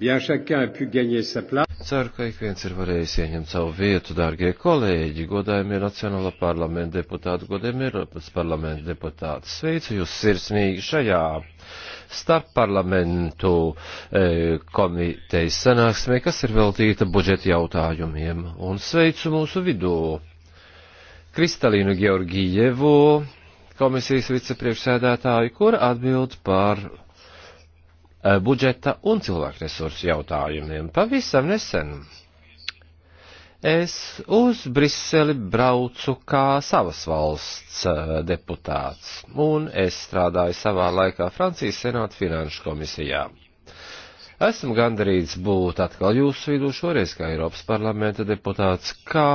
Ceru, ka ik viens ir varējis ieņemt savu vietu, dārgie kolēģi, godājumie Nacionāla parlamenta deputāti, godājumie Eiropas parlamenta deputāti. Sveicu jūs sirsnīgi šajā starpparlamentu e, komitejas sanāksmē, kas ir veltīta budžeta jautājumiem. Un sveicu mūsu vidū Kristalīnu Georgijevu, komisijas vicepriekšsēdētāju, kur atbild par Eh, budžeta un cilvēku resursu jautājumiem. Pavisam nesen es uz Briseli braucu kā savas valsts eh, deputāts, un es strādāju savā laikā Francijas senāta finanšu komisijā. Esmu gandarīts būt atkal jūsu vidū šoreiz kā Eiropas parlamenta deputāts, kā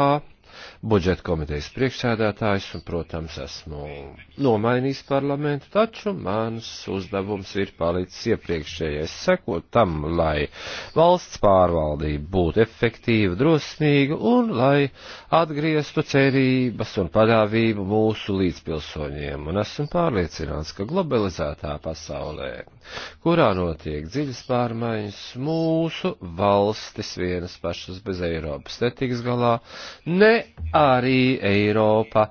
budžeta komitejas priekšsēdētājs un, protams, esmu nomainījis parlamentu, taču mans uzdevums ir palicis iepriekšējais sekot tam, lai valsts pārvaldība būtu efektīva, drosmīga un lai atgrieztu cerības un padāvību mūsu līdzpilsoņiem. Un esmu pārliecināts, ka globalizētā pasaulē, kurā notiek dziļas pārmaiņas, mūsu valstis vienas pašas bez Eiropas netiks galā, ne arī Eiropa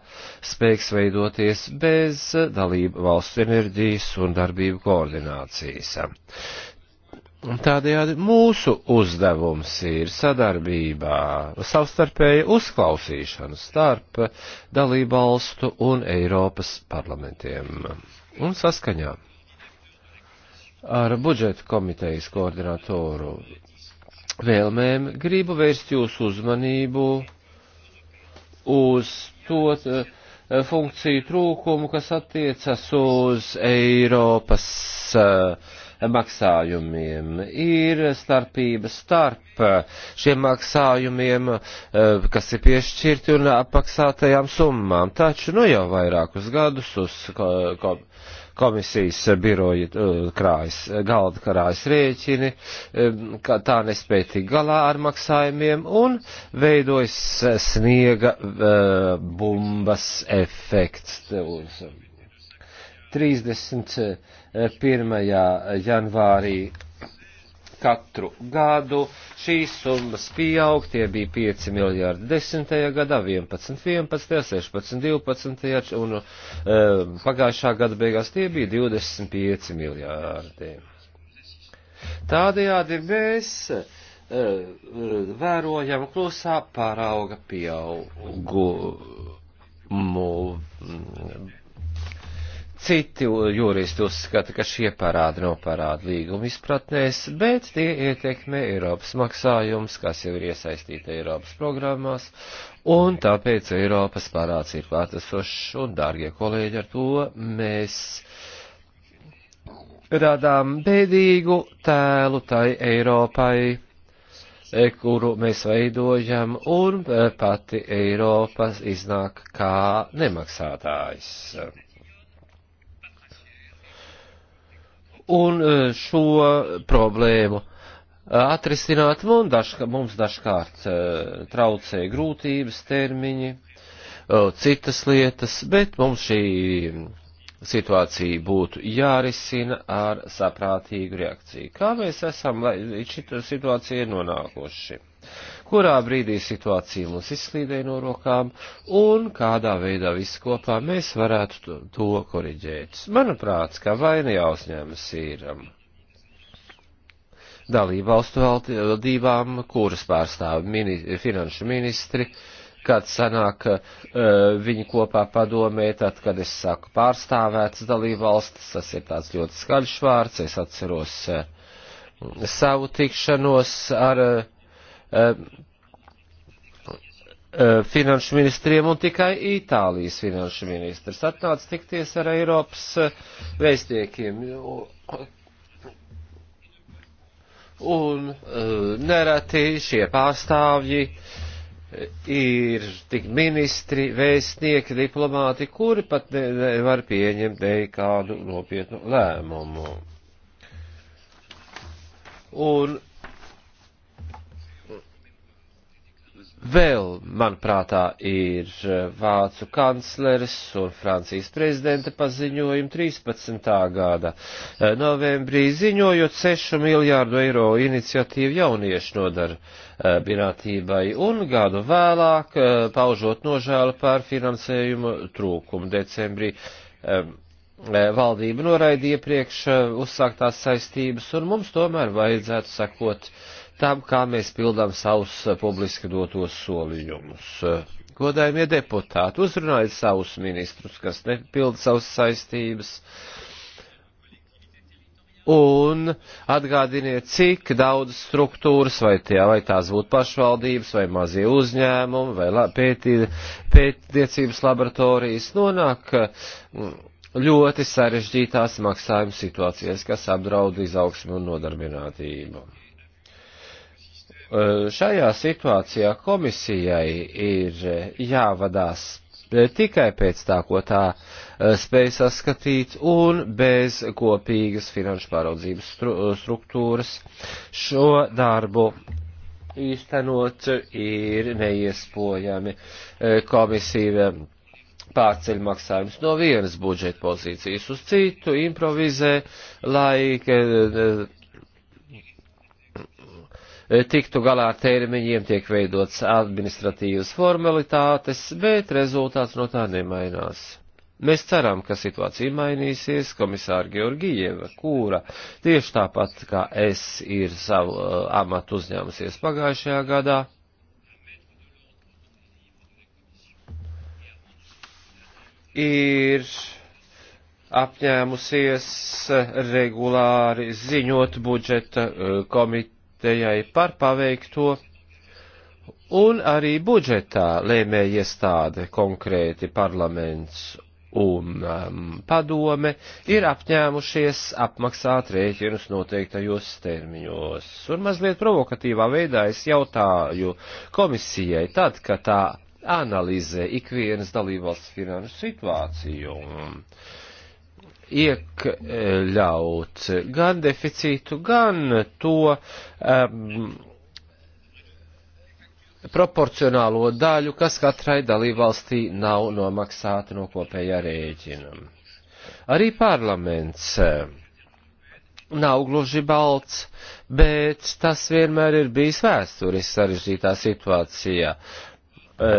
spēks veidoties bez dalību valstu enerģijas un darbību koordinācijas. Tādējādi mūsu uzdevums ir sadarbībā, savstarpēja uzklausīšana starp dalībvalstu un Eiropas parlamentiem. Un saskaņā ar budžeta komitejas koordinatoru vēlmēm gribu vērst jūsu uzmanību uz to eh, funkciju trūkumu, kas attiecas uz Eiropas eh, maksājumiem. Ir starpība starp eh, šiem maksājumiem, kas ir piešķirti un apmaksātajām summām. Taču, nu jau vairākus gadus uz ko, ko, komisijas biroja eh, krājas, galda krājas rēķini, eh, ka tā nespēja tik galā ar maksājumiem un veidojas sniega eh, bumbas efekts. 31. janvārī katru gadu. Šīs summas pieaug, tie bija 5 miljārdi 10. gadā, 11, 11, 16, 12 un e, pagājušā gada beigās tie bija 25 miljārdi. Tādējādi mēs e, vērojam klusā parauga pieaugumu Citi juristi uzskata, ka šie parādi nav parādi līguma izpratnēs, bet tie ietekmē Eiropas maksājums, kas jau ir iesaistīta Eiropas programmās, un tāpēc Eiropas parāds ir klātesošs, un, dārgie kolēģi, ar to mēs radām bēdīgu tēlu tai Eiropai, e, kuru mēs veidojam, un e, pati Eiropas iznāk kā nemaksātājs. un e, šo problēmu e, atrisināt mums, dažka, mums dažkārt e, traucē grūtības, termiņi, citas lietas, bet mums šī situācija būtu jārisina ar saprātīgu reakciju. Kā mēs esam līdz šī situācija nonākuši? kurā brīdī situācija mūs izslīdēja no rokām un kādā veidā visi kopā mēs varētu to, to koriģēt. Manuprāt, kā vaina jāuzņemas ir um, dalībvalstu valdībām, kuras pārstāv mini, finanšu ministri, kad sanāk uh, viņi kopā padomē, tad, kad es saku pārstāvētas dalībvalstis, tas ir tāds ļoti skaļš vārds, es atceros uh, savu tikšanos ar uh, Eh, eh, finanšu ministriem un tikai Itālijas finanšu ministrs atnāca tikties ar Eiropas eh, vēstniekiem. Un nereti šie pārstāvji ir tik ministri, vēstnieki, diplomāti, kuri pat nevar ne pieņemt nekādu nopietnu lēmumu. Un Vēl, manuprātā, ir eh, Vācu kancleres un Francijas prezidenta paziņojumi 13. gada eh, novembrī ziņojot 6 miljārdu eiro iniciatīvu jauniešu nodara eh, birātībai un gadu vēlāk paužot nožēlu par finansējumu trūkumu decembrī valdība noraidīja priekš uzsāktās saistības, un mums tomēr vajadzētu sakot tam, kā mēs pildām savus eh, publiski dotos soliņumus. Eh, godājumie deputāti, uzrunājiet savus ministrus, kas nepilda savas saistības, un atgādiniet, cik daudz struktūras, vai, tie, vai tās būtu pašvaldības, vai mazie uzņēmumi, vai la, pētī, pētniecības laboratorijas, nonāk eh, ļoti sarežģītās maksājuma situācijas, kas apdraud izaugsmu un nodarbinātību. Eh, šajā situācijā komisijai ir eh, jāvadās eh, tikai pēc tā, ko tā spēj saskatīt, un bez kopīgas finanšu pāraudzības stru, struktūras šo darbu īstenot ir neiespojami komisija pārceļ maksājums no vienas budžeta pozīcijas uz citu, improvizē, lai E, tiktu galā ar termiņiem, tiek veidots administratīvas formalitātes, bet rezultāts no tā nemainās. Mēs ceram, ka situācija mainīsies. Komisāra Georgijieva, kura tieši tāpat kā es ir savu uh, amatu uzņēmusies pagājušajā gadā, ir apņēmusies regulāri ziņot budžeta uh, e, komiteju komitejai par paveikto un arī budžetā lēmēja iestāde konkrēti parlaments un um, padome ir apņēmušies apmaksāt rēķinus noteiktajos termiņos. Un mazliet provokatīvā veidā es jautāju komisijai tad, kad tā analizē ikvienas dalībvalsts finanšu situāciju. Um, iekļaut gan deficītu, gan to um, proporcionālo daļu, kas katrai dalībvalstī nav nomaksāta no kopējā rēķina. Arī parlaments nav gluži balts, bet tas vienmēr ir bijis vēsturiski sarežģītā situācijā. E,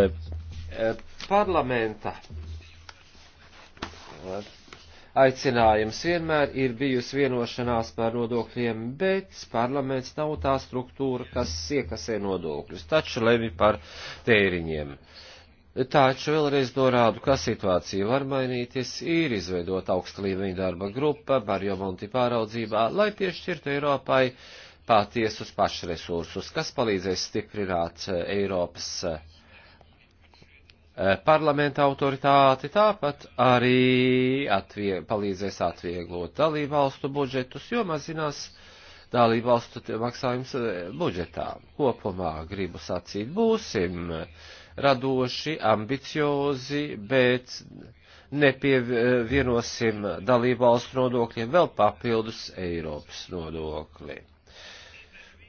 e, parlamenta aicinājums vienmēr ir bijusi vienošanās par nodokļiem, bet parlaments nav tā struktūra, kas iekasē nodokļus, taču lemj par tēriņiem. Taču vēlreiz norādu, ka situācija var mainīties, ir izveidota augsta līmeņa darba grupa Mario Monti pāraudzībā, lai piešķirtu Eiropai patiesus pašresursus, kas palīdzēs stiprināt Eiropas Eh, parlamenta autoritāti, tāpat arī atvie, palīdzēs atvieglot dalībvalstu budžetus, jo mazinās dalībvalstu maksājums eh, budžetā. Kopumā gribu sacīt, būsim radoši, ambiciozi, bet nepievienosim dalībvalstu nodokļiem vēl papildus Eiropas nodokļiem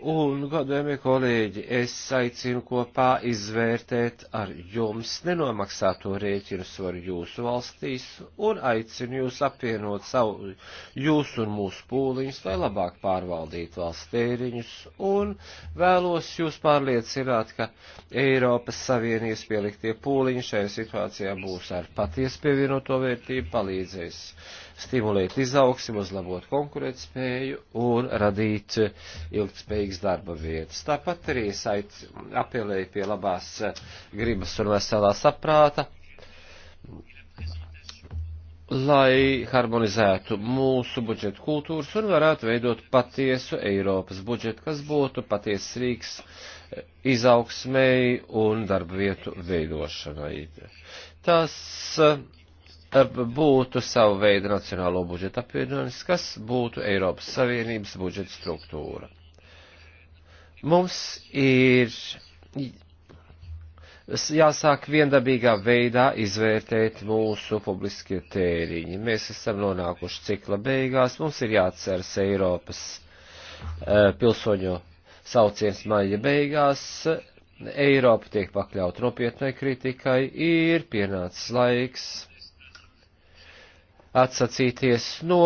Un, godējumie kolēģi, es aicinu kopā izvērtēt ar jums nenomaksāto rēķinu svaru jūsu valstīs un aicinu jūs apvienot savu jūsu un mūsu pūliņus, lai labāk pārvaldītu valsts tēriņus un vēlos jūs pārliecināt, ka Eiropas Savienības pieliktie pūliņi šajā situācijā būs ar patiesu pievienoto vērtību palīdzēs stimulēt izaugsmu, uzlabot konkurētspēju un radīt ilgspējīgas darba vietas. Tāpat arī es apelēju pie labās eh, gribas un veselā saprāta lai harmonizētu mūsu budžetu kultūras un varētu veidot patiesu Eiropas budžetu, kas būtu patiesas rīks eh, izaugsmēji un darba vietu veidošanai. Tas eh, būtu savu veidu nacionālo budžetu apvienojums, kas būtu Eiropas Savienības budžeta struktūra. Mums ir jāsāk viendabīgā veidā izvērtēt mūsu publiskie tēriņi. Mēs esam nonākuši cikla beigās, mums ir jāatceras Eiropas uh, pilsoņu sauciens maija beigās, Eiropa tiek pakļaut nopietnai kritikai, ir pienācis laiks atsacīties no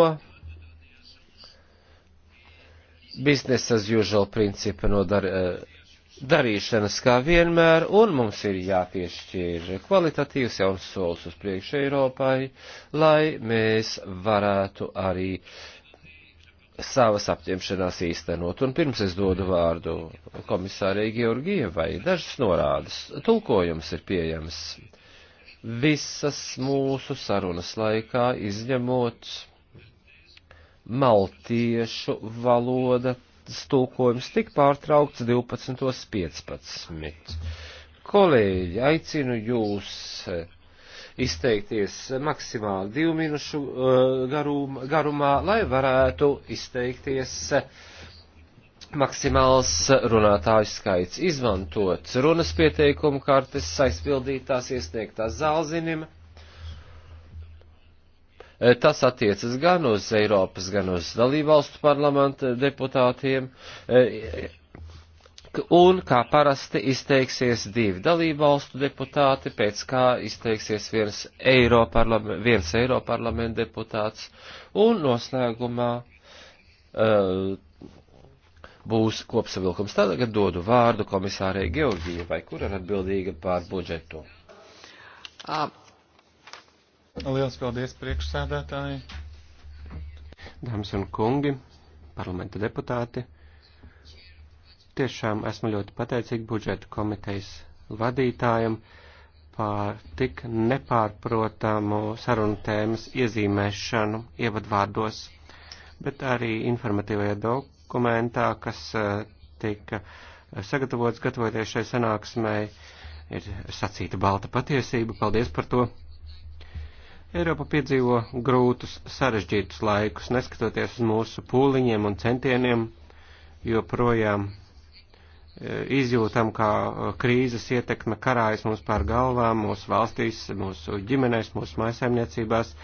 business as usual principa no dar, eh, darīšanas kā vienmēr, un mums ir jāpiešķir kvalitatīvs jauns solis uz priekšu Eiropai, lai mēs varētu arī savas apņemšanās īstenot. Un pirms es dodu vārdu komisārai Georgievai, dažas norādes. Tulkojums ir pieejams visas mūsu sarunas laikā, izņemot maltiešu valoda stūkojums tik pārtraukts 12.15. Kolēģi, aicinu jūs eh, izteikties maksimāli divu minūšu eh, garumā, lai varētu izteikties uh, maksimāls runātāju skaits izmantot runas pieteikumu kartes aizpildītās iesniegtās zālzinim. Tas attiecas gan uz Eiropas, gan uz dalībvalstu parlamenta deputātiem. Un, kā parasti, izteiksies divi dalībvalstu deputāti, pēc kā izteiksies viens Eiroparlament, viens Eiroparlament deputāts. Un noslēgumā. Uh, būs kopsavilkums. Tagad dodu vārdu komisārai Georgijai, kur ir atbildīga pār budžetu. Lielas paldies priekšsēdētāji. Dāmas un kungi, parlamenta deputāti, tiešām esmu ļoti pateicīgi budžeta komitejas vadītājam par tik nepārprotamu sarunu tēmas iezīmēšanu ievadvārdos, bet arī informatīvajā dokumentā dokumentā, kas eh, tika eh, sagatavots gatavoties šai sanāksmai, ir sacīta balta patiesība. Paldies par to! Eiropa piedzīvo grūtus, sarežģītus laikus, neskatoties uz mūsu pūliņiem un centieniem, joprojām eh, izjūtam, kā krīzes ietekme karājas mums pār galvām, mūsu valstīs, mūsu ģimenēs, mūsu maisaimniecībās,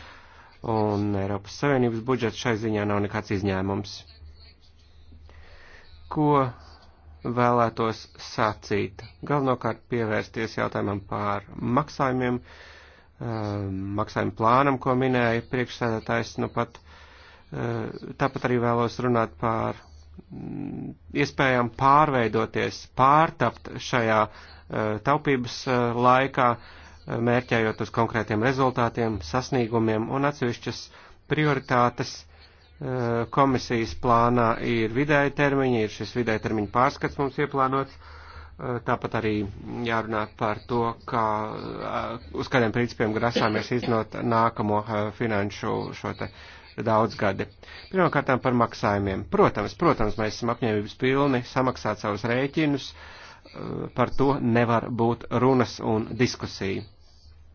un Eiropas Savienības budžets šai ziņā nav nekāds izņēmums ko vēlētos sacīt. Galvenokārt pievērsties jautājumam par maksājumiem, eh, maksājumu plānam, ko minēja priekšsēdētājs. Nu pat, eh, tāpat arī vēlos runāt par mm, iespējām pārveidoties, pārtapt šajā eh, taupības laikā, mērķējot uz konkrētiem rezultātiem, sasniegumiem un atsevišķas prioritātes uh, Eh, komisijas plānā ir vidēja termiņa, ir šis vidēja termiņa pārskats mums ieplānots. Eh, tāpat arī jārunā par to, kā, eh, uz kādiem principiem grasāmies iznot nākamo finanšu šo te daudz gadi. Pirmkārt par maksājumiem. Protams, protams, mēs esam apņēmības pilni samaksāt savus rēķinus. Par to nevar būt runas un diskusija.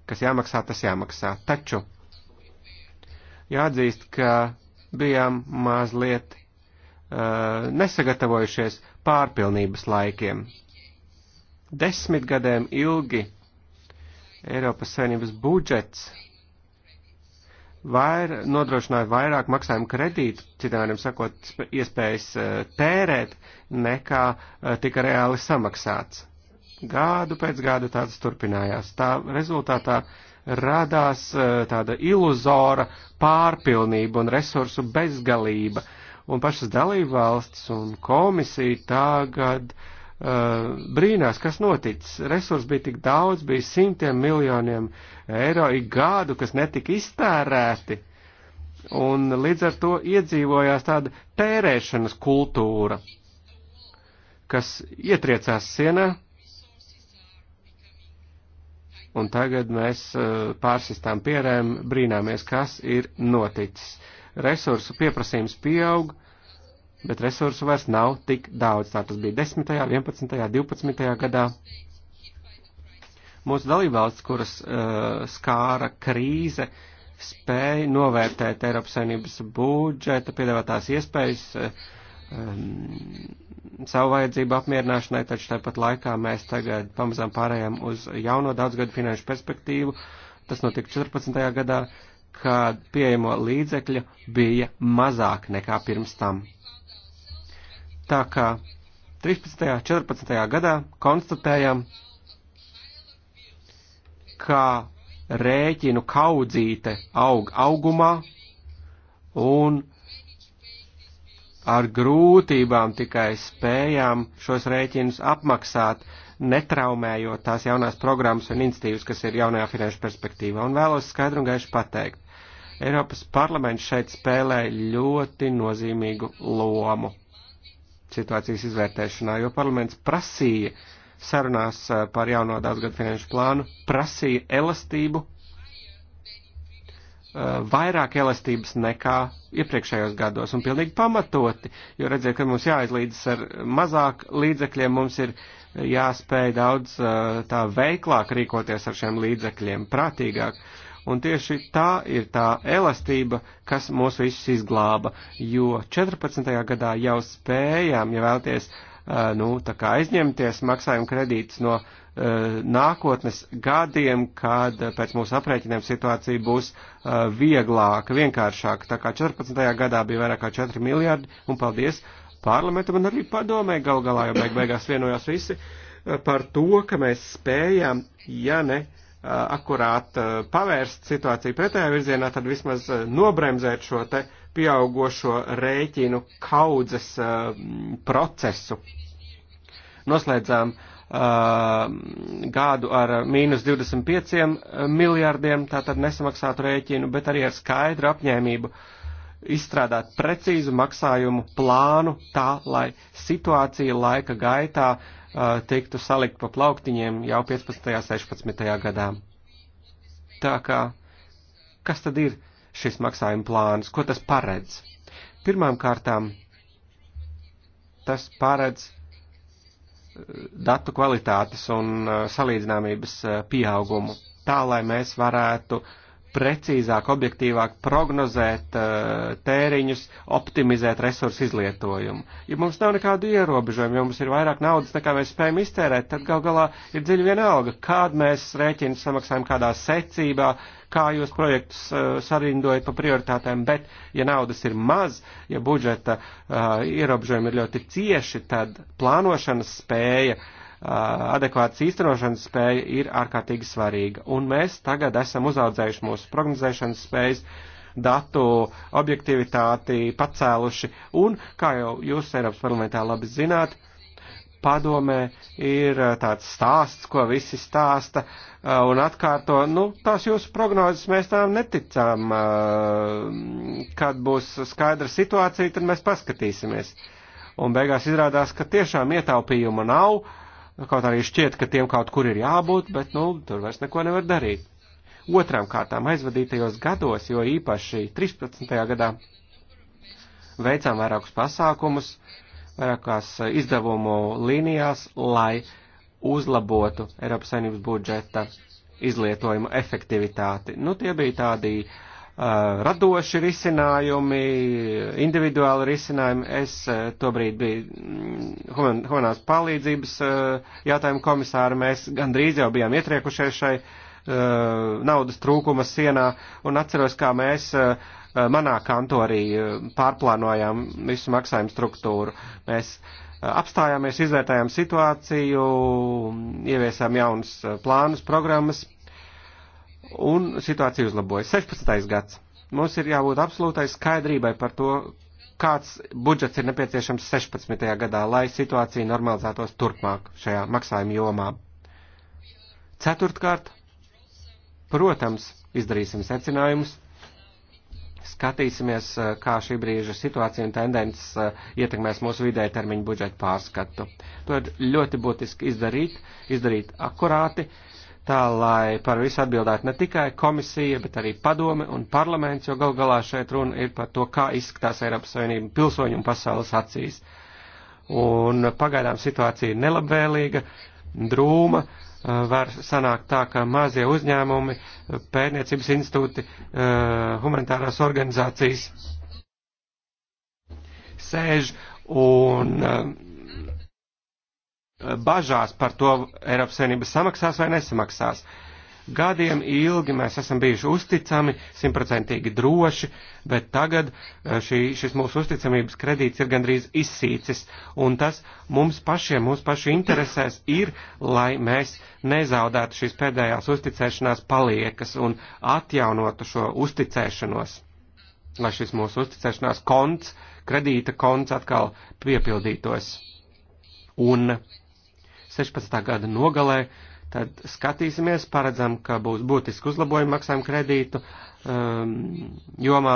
Kas jāmaksā, tas jāmaksā. Taču jāatzīst, ka bijām mazliet uh, nesagatavojušies pārpilnības laikiem. Desmit gadiem ilgi Eiropas Savienības budžets vair, nodrošināja vairāk maksājumu kredītu, citiem vārdiem sakot, iespējas eh, tērēt, nekā eh, tika reāli samaksāts. Gādu pēc gādu tāds turpinājās. Tā rezultātā uh, radās eh, tāda iluzora pārpilnība un resursu bezgalība. Un pašas dalībvalstis un komisija tagad uh, brīnās, kas noticis. Resurs bija tik daudz, bija simtiem miljoniem eiro ik gadu, kas netika iztērēti. Un līdz ar to iedzīvojās tāda tērēšanas kultūra, kas ietriecās sienā, un tagad mēs eh, pārsistām pierēm brīnāmies, kas ir noticis. Resursu pieprasījums pieaug, bet resursu vairs nav tik daudz. Tā tas bija 10., 11., 12. gadā. Mūsu dalībvalsts, kuras uh, skāra krīze, spēja novērtēt Eiropas saimnības budžeta piedāvātās iespējas. Uh, um, savu vajadzību apmierināšanai, taču tāpat laikā mēs tagad pamazām pārējām uz jauno daudzgadu finanšu perspektīvu. Tas notika 14. gadā, kad pieejamo līdzekļu bija mazāk nekā pirms tam. Tā kā 13. 14. gadā konstatējam, ka rēķinu kaudzīte aug augumā un uh, ar grūtībām tikai spējām šos rēķinus apmaksāt, netraumējot tās jaunās programmas un institīvas, kas ir jaunajā finanšu perspektīvā. Un vēlos skaidru un gaišu pateikt, Eiropas parlaments šeit spēlē ļoti nozīmīgu lomu situācijas izvērtēšanā, jo parlaments prasīja sarunās eh, par jauno daudzgadu finanšu plānu, prasīja elastību Uh, vairāk elastības nekā iepriekšējos gados, un pilnīgi pamatoti, jo redziet, ka mums jāizlīdzas ar mazāk līdzekļiem, mums ir jāspēj daudz uh, tā veiklāk rīkoties ar šiem līdzekļiem, prātīgāk. Un tieši tā ir tā elastība, kas mūs visus izglāba, jo 14. gadā jau spējām, ja vēlties, uh, nu, tā kā aizņemties maksājumu kredītus no uh, Eh, nākotnes gadiem, kad eh, pēc mūsu aprēķiniem situācija būs eh, vieglāka, vienkāršāka. Tā kā 14. gadā bija vairāk kā 4 miljardi, un paldies parlamentam un arī padomē gal galā, jo beig beigās vienojās visi par to, ka mēs spējam, ja ne akurāt pavērst situāciju pretējā virzienā, tad vismaz nobremzēt šo te pieaugošo rēķinu kaudzes procesu. Noslēdzām uh, Uh, gadu ar mīnus 25 miljardiem, tātad nesamaksātu rēķinu, bet arī ar skaidru apņēmību izstrādāt precīzu maksājumu plānu tā, lai situācija laika gaitā uh, tiktu salikt pa plauktiņiem jau 15. 16. gadā. Tā kā, kas tad ir šis maksājuma plāns, ko tas paredz? Pirmām kārtām, tas paredz datu kvalitātes un eh, salīdzināmības eh, pieaugumu, tā lai mēs varētu uh, precīzāk, objektīvāk prognozēt uh, tēriņus, optimizēt resursu izlietojumu. Ja mums nav nekādu ierobežojumu, ja mums ir vairāk naudas, nekā mēs spējam iztērēt, tad gal galā ir dziļi vienalga, kādu mēs rēķinu samaksājam, kādā secībā, kā jūs projektus uh, sarindojat pa prioritātēm, bet ja naudas ir maz, ja budžeta uh, ierobežojumi ir ļoti cieši, tad plānošanas spēja uh, adekvātas īstenošanas spēja ir ārkārtīgi svarīga. Un mēs tagad esam uzaudzējuši mūsu prognozēšanas spējas, datu objektivitāti pacēluši. Un, kā jau jūs Eiropas parlamentā labi zināt, padomē ir tāds stāsts, ko visi stāsta un atkārto, nu, tās jūsu prognozes mēs tām neticām. Kad būs skaidra situācija, tad mēs paskatīsimies. Un beigās izrādās, ka tiešām ietaupījuma nav, uh, Nu, kaut arī šķiet, ka tiem kaut kur ir jābūt, bet, nu, tur vairs neko nevar darīt. Otrām kārtām aizvadītajos gados, jo īpaši 13. gadā, veicām vairākus pasākumus, vairākās eh, izdevumu līnijās, lai uzlabotu Eiropas saimnības budžeta izlietojumu efektivitāti. Nu, tie bija tādi uh, Eh, radoši risinājumi, individuāli risinājumi. Es eh, tobrīd biju mm, humanās palīdzības eh, jautājumu komisāri, mēs gandrīz jau bijām ietriekušies šai naudas trūkuma sienā un atceros, kā mēs manā kantorī pārplānojām visu maksājumu struktūru. Mēs apstājāmies, izvērtējām situāciju, ieviesām jaunus plānus, programmas, un situācija uzlabojas. 16. gads. Mums ir jābūt absolūtai skaidrībai par to, kāds budžets ir nepieciešams 16. gadā, lai situācija normalizētos turpmāk šajā maksājuma jomā. Ceturtkārt, protams, izdarīsim secinājumus, skatīsimies, eh, kā šī brīža situācija un tendences eh, ietekmēs mūsu vidēja termiņu budžetu pārskatu. To ir ļoti būtiski izdarīt, izdarīt akurāti, uh, tā, lai par visu atbildētu ne tikai komisija, bet arī padome un parlaments, jo gal galā šeit runa ir par to, kā izskatās Eiropas Savienība pilsoņu un pasaules acīs. Un pagaidām situācija ir nelabvēlīga, drūma, eh, var sanākt tā, ka mazie uzņēmumi, eh, pērniecības institūti, eh, humanitārās organizācijas sēž un Eh, bažās par to Eiropas Savienība samaksās vai nesamaksās. Gadiem ilgi mēs esam bijuši uzticami, simtprocentīgi droši, bet tagad eh, šī, šis mūsu uzticamības kredīts ir gandrīz izsīcis, un tas mums pašiem, mūsu pašu interesēs ir, lai mēs nezaudētu šīs pēdējās uzticēšanās paliekas un atjaunotu šo uzticēšanos, lai šis mūsu uzticēšanās konts, kredīta konts atkal piepildītos. Un uh, 16. gada nogalē, tad skatīsimies, paredzam, ka būs būtiski uzlabojumi maksājumu kredītu um, jomā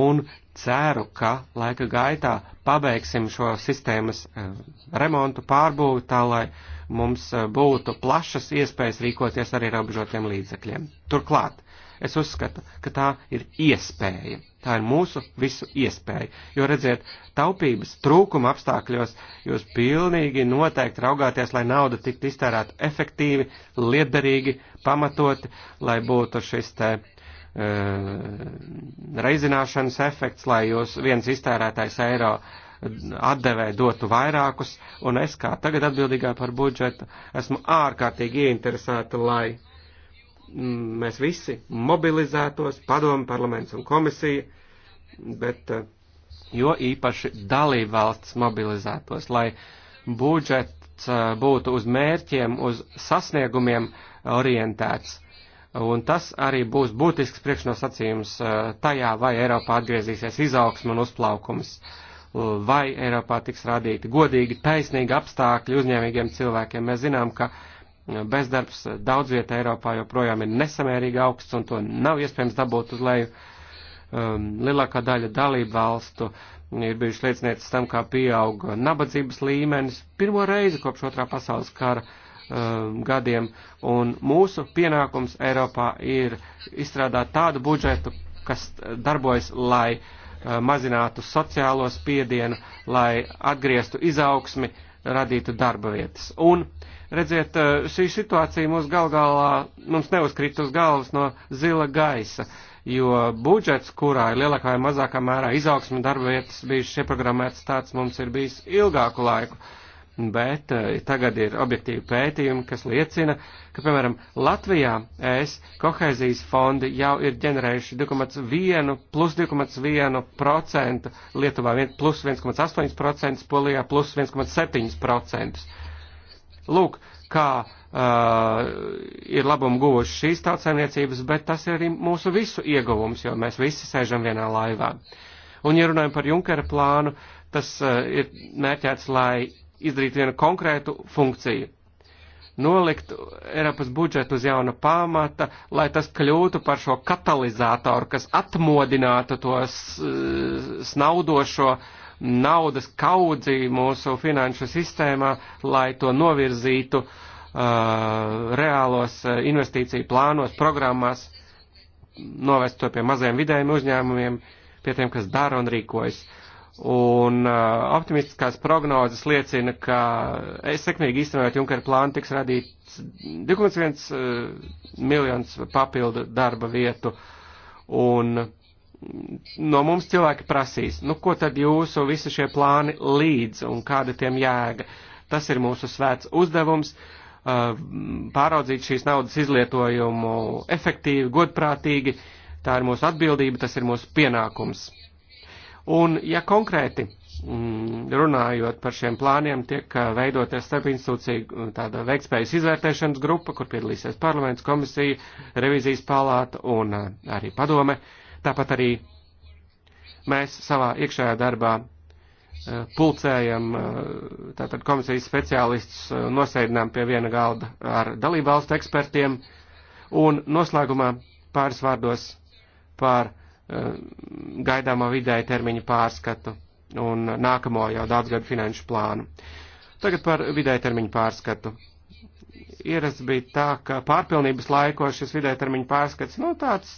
un ceru, ka laika gaitā pabeigsim šo sistēmas um, remontu pārbūvi tā, lai mums uh, būtu plašas iespējas rīkoties ar ierobežotiem līdzekļiem. Turklāt, Es uzskatu, ka tā ir iespēja. Tā ir mūsu visu iespēja. Jo redziet, taupības trūkuma apstākļos jūs pilnīgi noteikti raugāties, lai nauda tiktu iztērēta efektīvi, liederīgi, pamatoti, lai būtu šis te uh, reizināšanas efekts, lai jūs viens iztērētais eiro atdevēja dotu vairākus, un es kā tagad atbildīgā par budžetu esmu ārkārtīgi ieinteresēta, lai mēs visi mobilizētos, padomu parlaments un komisija, bet eh, jo īpaši dalībvalsts mobilizētos, lai budžets eh, būtu uz mērķiem, uz sasniegumiem orientēts. Un tas arī būs būtisks priekšnosacījums eh, tajā, vai Eiropā atgriezīsies izaugsme un uzplaukums, vai Eiropā tiks radīti godīgi, taisnīgi apstākļi uzņēmīgiem cilvēkiem. Mēs zinām, ka uh, bezdarbs daudz vietā Eiropā joprojām ir nesamērīgi augsts un to nav iespējams dabūt uz leju. Um, lielākā daļa dalību valstu ir bijuši liecinieci tam, kā pieauga nabadzības līmenis pirmo reizi kopš otrā pasaules kara um, gadiem, un mūsu pienākums Eiropā ir izstrādāt tādu budžetu, kas darbojas, lai uh, mazinātu sociālo spiedienu, lai atgrieztu izaugsmi, uh, radītu darba vietas. Un, redziet, eh, šī situācija mums gal galā, mums neuzkrīt uz galvas no zila gaisa, jo budžets, kurā ir lielākā vai mazākā mērā izaugsme darba vietas bijušas ieprogrammētas, tāds mums ir bijis ilgāku laiku. Uh, bet eh, tagad ir objektīvi pētījumi, kas liecina, ka, piemēram, Latvijā es kohēzijas fondi jau ir ģenerējuši 2,1 plus 2,1%, Lietuvā plus 1,8%, Polijā plus 1,7%. Lūk, kā uh, ir labumu guvuši šīs tautsēmniecības, bet tas ir arī mūsu visu ieguvums, jo mēs visi sēžam vienā laivā. Un, ja runājam par Junkera plānu, tas uh, ir mērķēts, lai izdarīt vienu konkrētu funkciju. Nolikt Eiropas budžetu uz jauna pamata, lai tas kļūtu par šo katalizātoru, kas atmodinātu tos snaudošo naudas kaudzi mūsu finanšu sistēmā, lai to novirzītu uh, reālos uh, investīciju plānos, programmās, novest to pie maziem vidējiem uzņēmumiem, pie tiem, kas dara un rīkojas. Uh, Un uh, optimistiskās prognozes liecina, ka es sekmīgi īstenojot Junkera plānu tiks radīts 2,1 uh, miljonus papildu darba vietu. Un mm, no mums cilvēki prasīs, nu ko tad jūsu visi šie plāni līdz un kāda tiem jēga. Tas ir mūsu svēts uzdevums uh, pāraudzīt šīs naudas izlietojumu efektīvi, godprātīgi. Tā ir mūsu atbildība, tas ir mūsu pienākums Un, ja konkrēti mm, runājot par šiem plāniem, tiek veidoties starp institūciju tāda veikspējas izvērtēšanas grupa, kur piedalīsies parlaments, komisija, revizijas palāta un arī padome. Tāpat arī mēs savā iekšējā darbā pulcējam tātad komisijas speciālistus, nosēdinām pie viena galda ar dalībvalstu ekspertiem un noslēgumā pāris vārdos par gaidāmo vidēja termiņa pārskatu un nākamo jau daudzgadu finanšu plānu. Tagad par vidēja termiņa pārskatu. Ierasts bija tā, ka pārpilnības laiko šis vidēja termiņa pārskats, nu, tāds,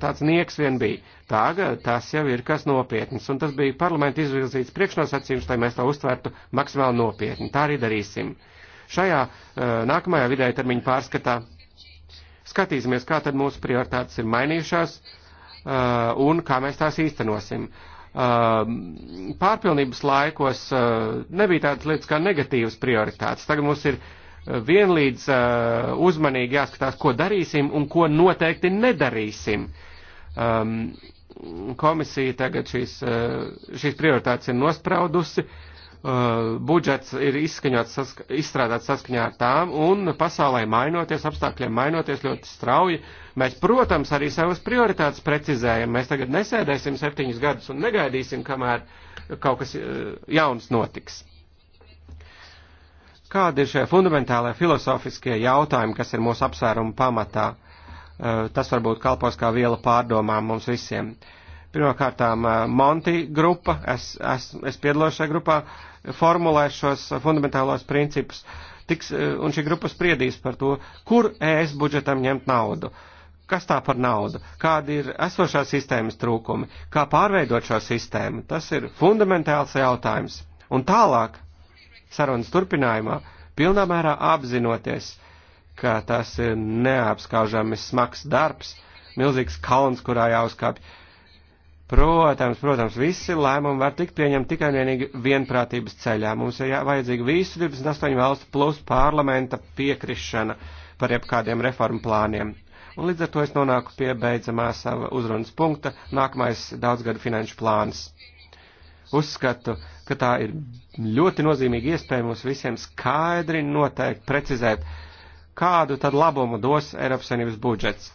tāds nieks vien bija. Tagad tas jau ir kas nopietns, un tas bija parlamenta izvirzīts priekšnosacījums, lai mēs to uztvertu maksimāli nopietni. Tā arī darīsim. Šajā eh, nākamajā vidēja termiņa pārskatā skatīsimies, kā tad mūsu prioritātes ir mainījušās, uh, Uh, un kā mēs tās īstenosim. Uh, pārpilnības laikos uh, nebija tādas lietas kā negatīvas prioritātes. Tagad mums ir vienlīdz uzmanīgi jāskatās, ko darīsim un ko noteikti nedarīsim. Um, komisija tagad šīs, šīs prioritātes ir nospraudusi. Uh, Uh, budžets ir izskaņots, saska, izstrādāts saskaņā ar tām, un pasaulē mainoties, apstākļiem mainoties ļoti strauji, mēs, protams, arī savas prioritātes precizējam. Mēs tagad nesēdēsim septiņus gadus un negaidīsim, kamēr kaut kas uh, jauns notiks. Kādi ir šie fundamentālie filosofiskie jautājumi, kas ir mūsu apsvērumu pamatā? Uh, tas varbūt kalpos kā viela pārdomām mums visiem. Pirmkārtām, Monti grupa, es, es, es piedalos šajā grupā, uh, formulē šos fundamentālos principus. Tiks, eh, un šī grupa spriedīs par to, kur ES budžetam ņemt naudu. Kas tā par naudu? Kādi ir esošā sistēmas trūkumi? Kā pārveidot šo sistēmu? Tas ir fundamentāls jautājums. Un tālāk, sarunas turpinājumā, pilnā mērā apzinoties, ka tas ir neapskaužami smags darbs, milzīgs kalns, kurā jāuzkāpj Protams, protams, visi lēmumi var tikt pieņemti tikai un vienīgi vienprātības ceļā. Mums ir vajadzīga visu 28 valstu plus parlamenta piekrišana par jebkādiem reformu plāniem. Un līdz ar to es nonāku pie beidzamā sava uzrunas punkta - nākamais daudzgadu finanšu plāns. Uzskatu, ka tā ir ļoti nozīmīga iespēja mums visiem skaidri noteikt, precizēt, kādu tad labumu dos Eiropas Savienības budžets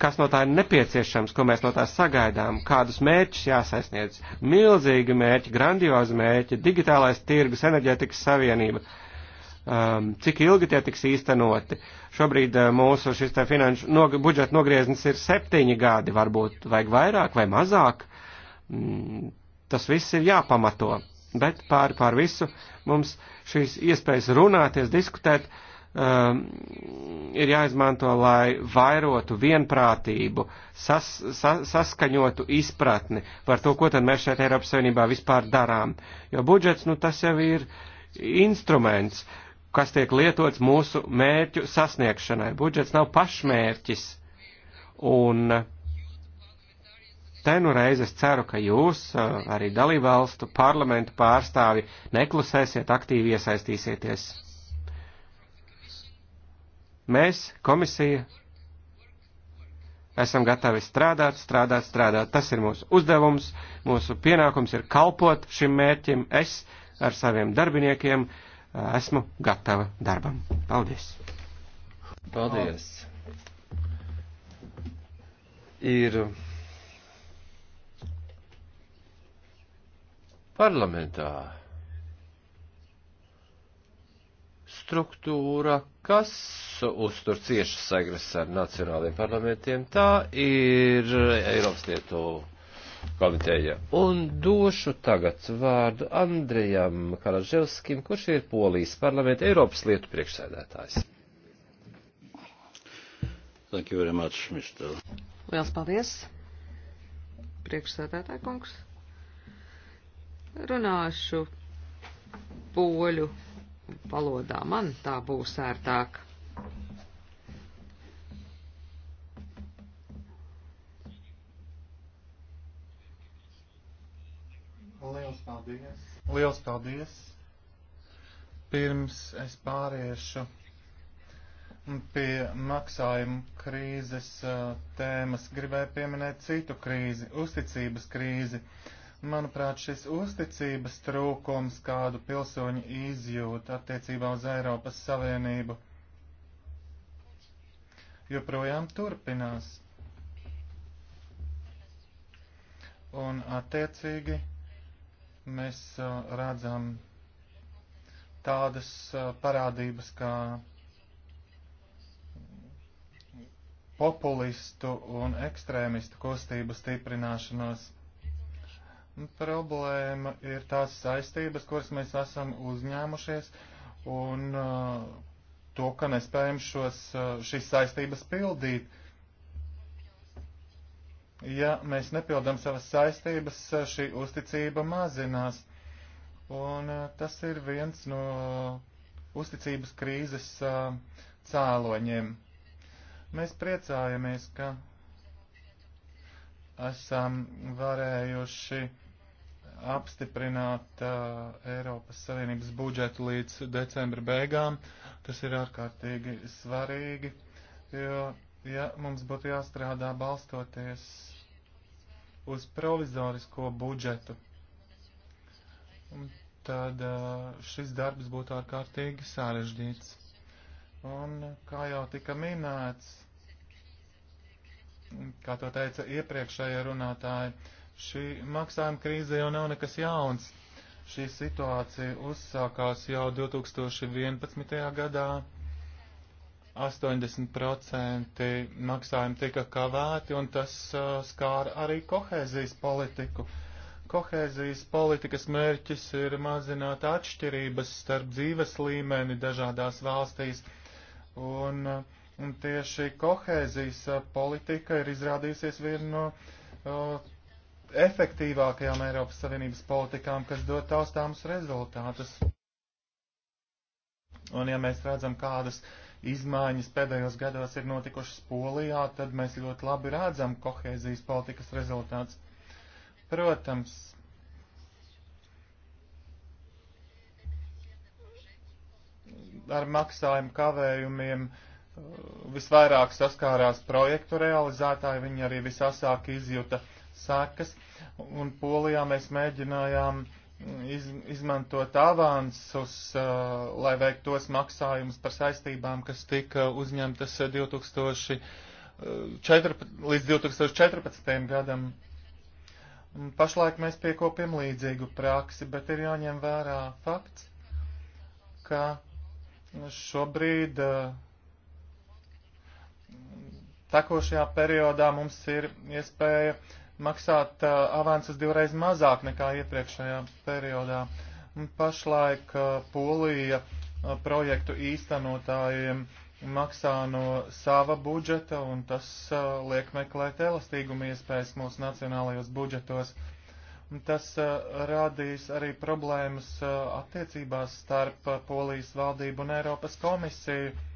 kas no tā ir nepieciešams, ko mēs no tā sagaidām, kādus mērķus jāsasniedz. Milzīgi mērķi, grandiozi mērķi, digitālais tirgus, enerģētikas savienība. Um, cik ilgi tie tiks īstenoti? Šobrīd uh, mūsu šis te finanšu nog budžeta nogrieznis ir septiņi gadi, varbūt vajag vairāk vai mazāk. Mm, tas viss ir jāpamato, bet pāri pār visu mums šīs iespējas runāties, diskutēt uh, um, ir jāizmanto, lai vairotu vienprātību, sas, sa, saskaņotu izpratni par to, ko tad mēs šeit Eiropas Savienībā vispār darām. Jo budžets, nu, tas jau ir instruments, kas tiek lietots mūsu mērķu sasniegšanai. Budžets nav pašmērķis. Un te nu reiz es ceru, ka jūs, uh, arī dalībvalstu parlamentu pārstāvi, neklusēsiet, aktīvi iesaistīsieties. Mēs, komisija, esam gatavi strādāt, strādāt, strādāt. Tas ir mūsu uzdevums, mūsu pienākums ir kalpot šim mērķim. Es ar saviem darbiniekiem esmu gatava darbam. Paldies! Paldies! Ir parlamentā struktūra, kas uztur cieši saigras ar nacionāliem parlamentiem, tā ir Eiropas lietu komiteja. Un došu tagad vārdu Andrejam Karaževskim, kurš ir Polijas parlamenta Eiropas lietu priekšsēdētājs. Thank you very much, Mr. Liels paldies, priekšsēdētāja kungs. Runāšu poļu valodā. Man tā būs ērtāk. Liels paldies! Liels paldies! Pirms es pāriešu pie maksājumu krīzes uh, tēmas, gribēju pieminēt citu krīzi - uzticības krīzi. Uh, Manuprāt, šis uzticības trūkums, kādu pilsoņi izjūt attiecībā uz Eiropas Savienību, joprojām turpinās. Un attiecīgi mēs uh, redzam tādas uh, parādības kā populistu un ekstrēmistu kustību stiprināšanos. Problēma ir tās saistības, kuras mēs esam uzņēmušies, un uh, to, ka nespējam šos, uh, šīs saistības pildīt. Ja mēs nepildam savas saistības, uh, šī uzticība mazinās. Un uh, tas ir viens no uzticības krīzes cēloņiem. Mēs priecājamies, ka esam varējuši uh, apstiprināt uh, Eiropas Savienības budžetu līdz decembra beigām. Tas ir ārkārtīgi svarīgi, jo, ja mums būtu jāstrādā balstoties uz provizorisko budžetu, tad uh, šis darbs būtu ārkārtīgi sarežģīts. Un, kā jau tika minēts, kā to teica iepriekšējie runātāji, Šī maksājuma krīze jau nav nekas jauns. Šī situācija uzsākās jau 2011. gadā. 80% maksājumi tika kavēti, un tas uh, skāra arī kohēzijas politiku. Kohēzijas politikas mērķis ir mazināt atšķirības starp dzīves līmeni dažādās valstīs, un, un tieši kohēzijas politika ir izrādījusies viena no uh, efektīvākajām Eiropas Savienības politikām, kas dod taustāmus rezultātus. Un ja mēs redzam, kādas izmaiņas pēdējos gados ir notikušas Polijā, tad mēs ļoti labi redzam kohēzijas politikas rezultāts. Protams, ar maksājumu kavējumiem uh, visvairāk saskārās projektu realizētāji, viņi arī visasāk izjuta uh, sekas, un Polijā mēs mēģinājām iz, izmantot avansus, uh, lai veikt tos maksājumus par saistībām, kas tika uzņemtas 2004, uh, uh, līdz 2014. gadam. Pašlaik mēs piekopjam līdzīgu praksi, bet ir jāņem vērā fakts, ka šobrīd uh, tekošajā periodā mums ir iespēja uh, maksāt uh, avansus divreiz mazāk nekā iepriekšējā periodā. Un pašlaik uh, Polija uh, projektu īstenotājiem maksā no sava budžeta, un tas uh, liek meklēt elastīgumu iespējas mūsu nacionālajos budžetos. Un tas uh, radīs arī problēmas uh, attiecībās starp uh, Polijas valdību un Eiropas komisiju. Uh,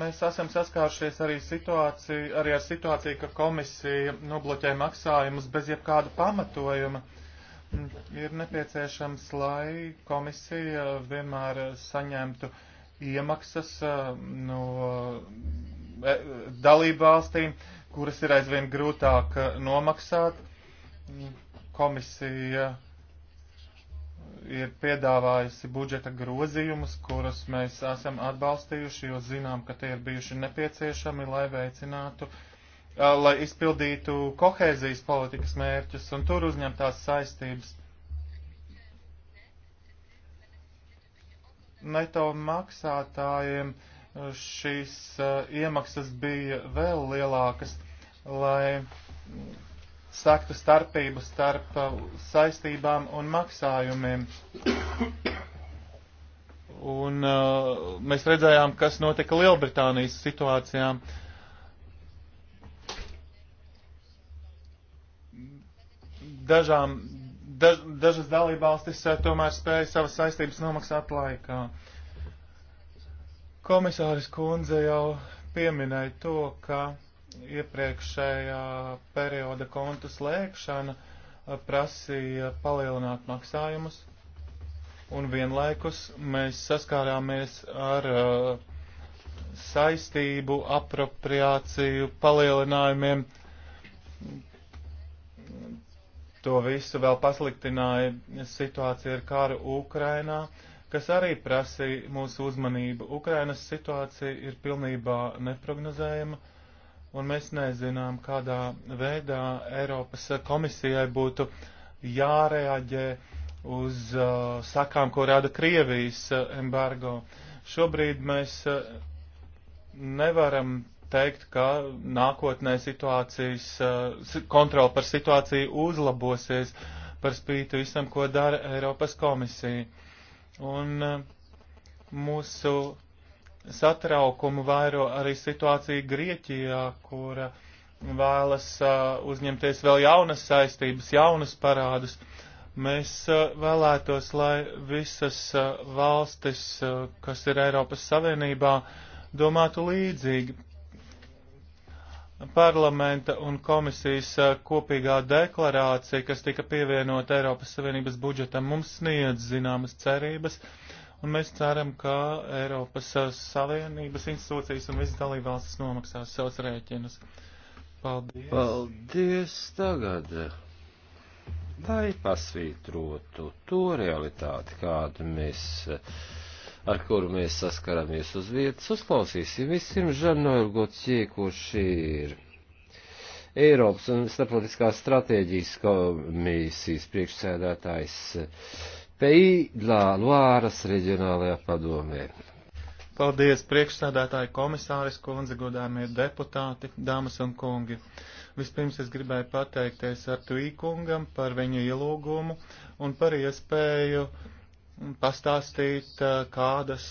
Mēs esam saskāršies arī, situāciju, arī ar situāciju, ka komisija nobloķē maksājumus bez jebkāda pamatojuma. Ir nepieciešams, lai komisija vienmēr saņemtu iemaksas eh, no eh, dalību valstīm, kuras ir aizvien grūtāk eh, nomaksāt. Komisija uh, ir piedāvājusi budžeta grozījumus, kurus mēs esam atbalstījuši, jo zinām, ka tie ir bijuši nepieciešami, lai veicinātu, lai izpildītu kohēzijas politikas mērķus un tur uzņemtās saistības. Neto maksātājiem šīs iemaksas bija vēl lielākas, lai saktu starpību starp uh, saistībām un maksājumiem. Un uh, mēs redzējām, kas notika Lielbritānijas situācijām. Dažām, daž, dažas dalībvalstis uh, tomēr spēja savas saistības nomaksāt laikā. Komisāris kundze jau pieminēja to, ka uh, iepriekšējā perioda kontu slēgšana eh, prasīja palielināt maksājumus, un vienlaikus mēs saskārāmies ar uh, saistību apropriāciju palielinājumiem. To visu vēl pasliktināja situācija ar karu Ukrainā, kas arī prasīja mūsu uzmanību. Ukrainas situācija ir pilnībā neprognozējama un mēs nezinām, kādā veidā Eiropas komisijai būtu jārēģē uz uh, sakām, ko rada Krievijas uh, embargo. Šobrīd mēs uh, nevaram teikt, ka nākotnē situācijas, uh, kontrola par situāciju uzlabosies par spīti visam, ko dara Eiropas komisija. Un uh, mūsu Satraukumu vairo arī situācija Grieķijā, kura vēlas uh, uzņemties vēl jaunas saistības, jaunas parādus. Mēs uh, vēlētos, lai visas uh, valstis, uh, kas ir Eiropas Savienībā, domātu līdzīgi. Parlamenta un komisijas uh, kopīgā deklarācija, kas tika pievienota Eiropas Savienības budžetam, mums sniedz zināmas cerības. Uh, un mēs ceram, ka Eiropas uh, Savienības institūcijas un visas dalībvalstis nomaksās savus rēķinus. Paldies! Paldies tagad! Lai pasvītrotu to realitāti, kādu mēs, ar kuru mēs saskaramies uz vietas, uzklausīsim visiem Žanoru Gocie, kurš ir Eiropas un starptautiskās stratēģijas komisijas priekšsēdētājs Peidlā Luāras reģionālajā padomē. Paldies, priekšsādātāji komisāris kundze, godāmie deputāti, dāmas un kungi. Vispirms es gribēju pateikties Artuī kungam par viņu ielūgumu un par iespēju pastāstīt, kādas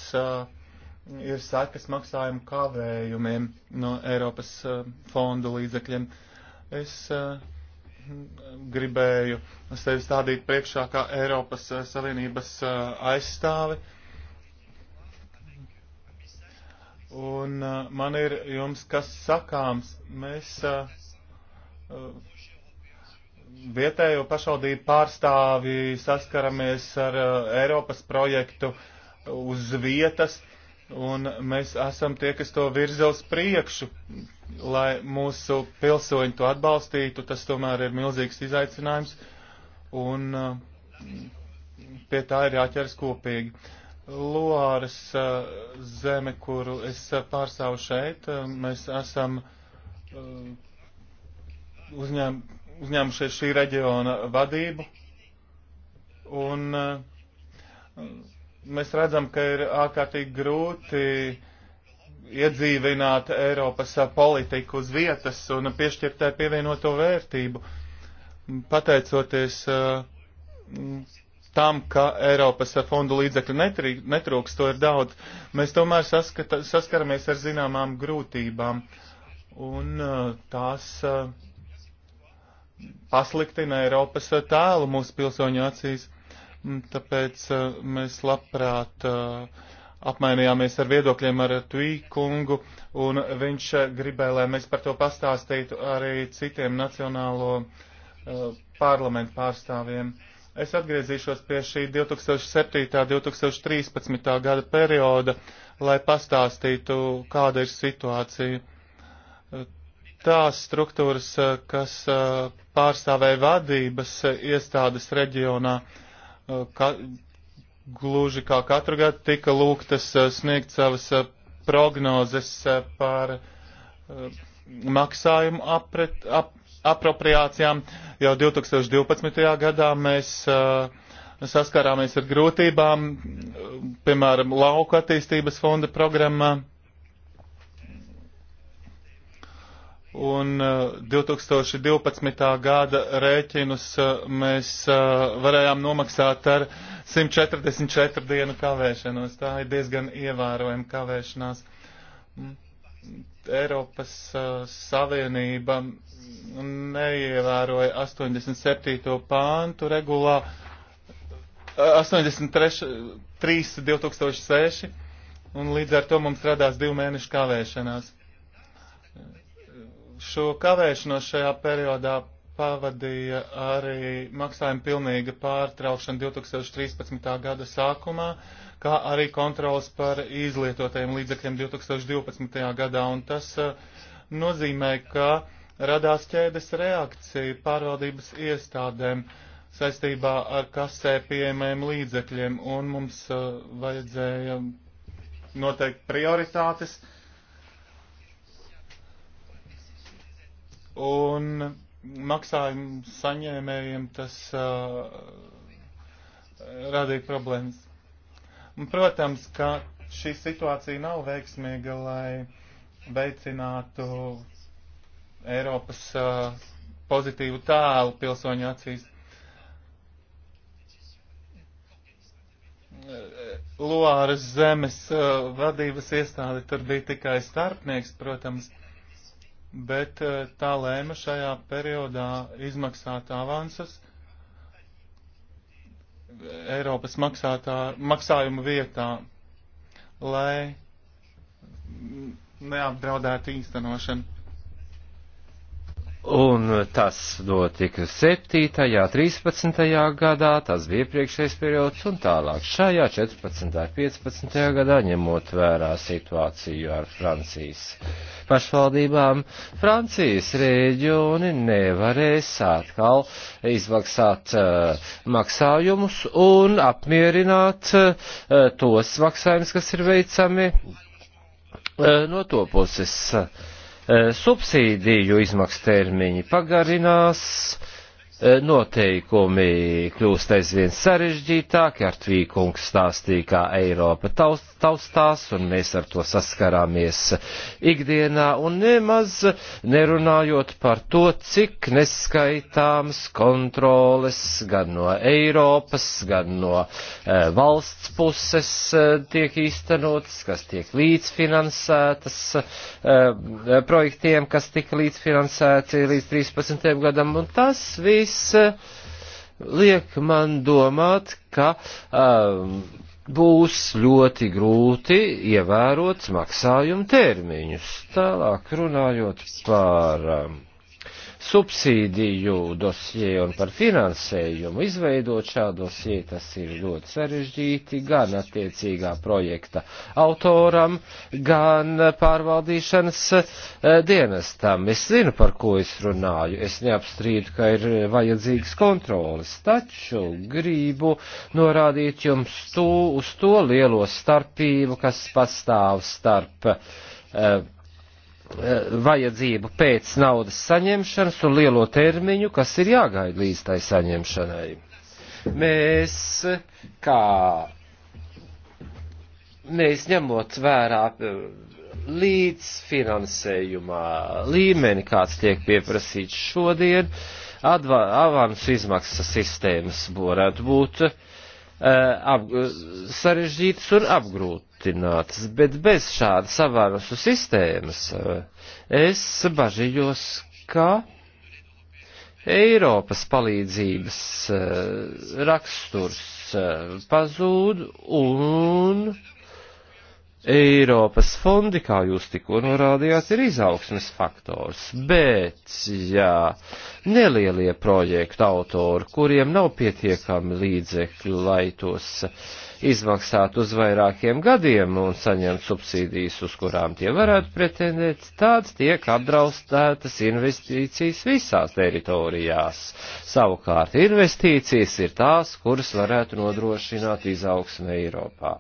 ir sekas maksājumu kavējumiem no Eiropas fondu līdzekļiem. Es uh, gribēju sevi stādīt priekšā kā Eiropas eh, Savienības eh, aizstāvi. Un eh, man ir jums kas sakāms. Mēs vietējo pašvaldību pārstāvi saskaramies ar Eiropas projektu uz vietas un mēs esam tie, kas to virza uz priekšu, lai mūsu pilsoņi to atbalstītu. Tas tomēr ir milzīgs izaicinājums, un uh, pie tā ir jāķers kopīgi. Loāras uh, zeme, kuru es uh, pārstāvu šeit, mēs esam uzņēm, uzņēmušies šī reģiona vadību, un mēs redzam, ka ir ārkārtīgi grūti iedzīvināt Eiropas politiku uz vietas un piešķirt tai pievienoto vērtību. Pateicoties eh, tam, ka Eiropas fondu līdzekļu netrūks, to ir daudz, mēs tomēr saskata, saskaramies ar zināmām grūtībām. Un eh, tās eh, pasliktina Eiropas tēlu mūsu pilsoņu acīs. Mm, tāpēc eh, mēs labprāt eh, apmainījāmies ar viedokļiem ar Tvīkungu, un viņš eh, gribēja, lai mēs par to pastāstītu arī citiem nacionālo parlamentu pārstāvjiem. Es atgriezīšos pie šī 2007.-2013. gada perioda, lai pastāstītu, kāda ir situācija. Tās struktūras, kas pārstāvēja vadības iestādes reģionā, uh, Eh, ka, gluži kā katru gadu tika lūgtas eh, sniegt savas eh, prognozes par maksājumu apret, ap, apropriācijām. Jau 2012. gadā mēs saskārāmies ar grūtībām, piemēram, lauku attīstības fonda programmā Un 2012. Uh, gada rēķinus uh, mēs uh, varējām nomaksāt ar 144 dienu kavēšanos. Tā ir diezgan ievērojama kavēšanās. Mm, Eiropas Savienība neievēroja 87. pāntu regulā 83.2006, un līdz ar to mums radās divu mēnešu kavēšanās. Šo kavēšanos šajā periodā pavadīja arī maksājuma pilnīga pārtraukšana 2013. gada sākumā, kā arī kontrols par izlietotajiem līdzekļiem 2012. gadā, un tas eh, nozīmē, ka radās ķēdes reakcija pārvaldības iestādēm saistībā ar kasē pieejamajiem līdzekļiem, un mums eh, vajadzēja noteikt prioritātes, uh, un maksājumu saņēmējiem tas uh, radīja problēmas. Un, protams, ka šī situācija nav veiksmīga, lai veicinātu Eiropas uh, pozitīvu tēlu pilsoņu acīs. Loāras zemes uh, vadības iestāde tur bija tikai starpnieks, protams, bet eh, tā lēma šajā periodā izmaksāt avansas Eiropas maksātā, maksājuma vietā, lai neapdraudētu īstenošanu. Un tas notika 7., 13. gadā, tas bija priekšējais periods un tālāk. Šajā 14. 15. gadā, ņemot vērā situāciju ar Francijas pašvaldībām, Francijas reģioni nevarēs atkal izmaksāt uh, maksājumus un apmierināt uh, tos maksājumus, kas ir veicami uh, no to puses. Uh, Eh, subsīdiju izmakstermiņi pagarinās, Eh, noteikumi kļūst aizvien sarežģītāki, ar tvīkungs stāstīja, kā Eiropa taust, taustās, un mēs ar to saskarāmies ikdienā, un nemaz nerunājot par to, cik neskaitāms kontroles gan no Eiropas, gan no e, valsts puses e, tiek īstenotas, kas tiek līdzfinansētas e, projektiem, kas tika līdzfinansēti līdz 13. gadam, un tas viss šis eh, liek man domāt, ka um, būs ļoti grūti ievērot maksājumu termiņus. Tālāk runājot par um, subsīdiju dosie un par finansējumu. Izveidot šādu dosie tas ir ļoti sarežģīti gan attiecīgā projekta autoram, gan pārvaldīšanas eh, dienestam. Es zinu, par ko es runāju. Es neapstrīdu, ka ir vajadzīgas kontrolas, taču gribu norādīt jums to, uz to lielo starpību, kas pastāv starp uh, Eh, vajadzību pēc naudas saņemšanas un lielo termiņu, kas ir jāgaida līdz tai saņemšanai. Mēs, kā mēs ņemot vērā eh, līdz finansējumā līmeni, kāds tiek pieprasīts šodien, avansu izmaksas sistēmas varētu būt uh, ap, sarežģītas un apgrūt, apstiprinātas, bet bez šādas avansu sistēmas eh, es bažījos, ka Eiropas palīdzības eh, raksturs eh, pazūd un Eiropas fondi, kā jūs tikko norādījāt, ir izaugsmes faktors, bet, ja nelielie projektu autori, kuriem nav pietiekami līdzekļi, lai tos uh, izmaksāt uz vairākiem gadiem un saņemt subsīdijas, uz kurām tie varētu pretendēt, tāds tiek apdraustētas investīcijas visās teritorijās. Savukārt investīcijas ir tās, kuras varētu nodrošināt izaugsme Eiropā.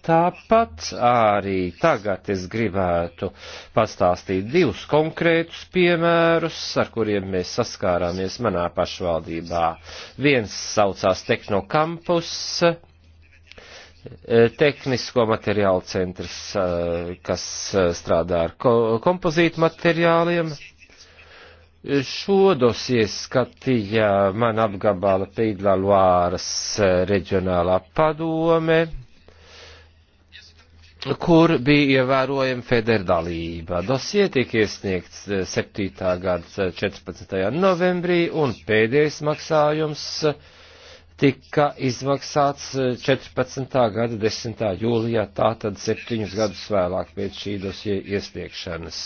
Tāpat arī tagad es gribētu pastāstīt divus konkrētus piemērus, ar kuriem mēs saskārāmies manā pašvaldībā. Viens saucās Tehnokampus, E, tehnisko materiālu centrs, e, kas e, strādā ar kompozītu materiāliem. Šo dosie skatīja man apgabala Peidla Luāras reģionālā padome, kur bija ievērojama federdalība. Dosie tika iesniegts 7. gada 14. novembrī un pēdējais maksājums uh, tika izmaksāts 14. E, gada 10. jūlijā, tātad septiņus gadus vēlāk pēc šī dosie iesniegšanas.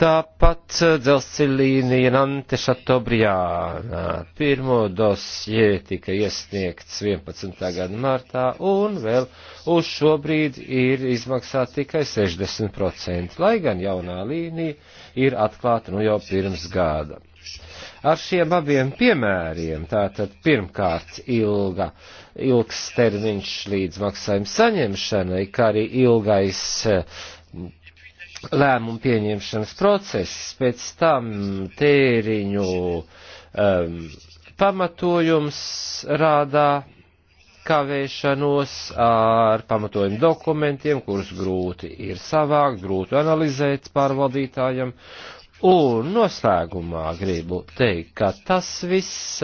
Tāpat e, dzelzceļa līnija Nante Šatobriāna. Pirmo dosie tika iesniegts 11. gada martā un vēl uz šo brīdi ir izmaksāta tikai 60%, lai gan jaunā līnija ir atklāta nu jau pirms gada. Ar šiem abiem piemēriem, tātad pirmkārt ilga, ilgs termiņš līdz maksājuma saņemšanai, kā arī ilgais eh, lēmumu pieņemšanas process, pēc tam tēriņu um, pamatojums rādā kavēšanos ar pamatojumu dokumentiem, kurus grūti ir savākt, grūti analizēt pārvaldītājam, Un noslēgumā gribu teikt, ka tas viss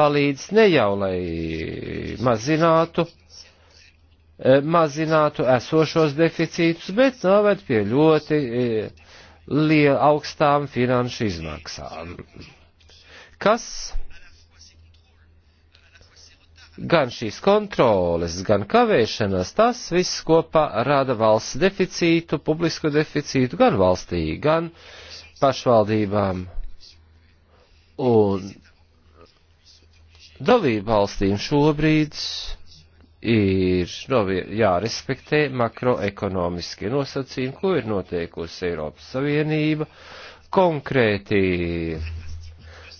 palīdz ne jau lai mazinātu, e, mazinātu esošos deficītus, bet noved pie ļoti e, liel, augstām finanšu izmaksām. Kas gan šīs kontroles, gan kavēšanās, tas viss kopā rada valsts deficītu, publisku deficītu gan valstī, gan pašvaldībām un dalību valstīm šobrīd ir no, jārespektē makroekonomiskie nosacījumi, ko ir noteikusi Eiropas Savienība, konkrēti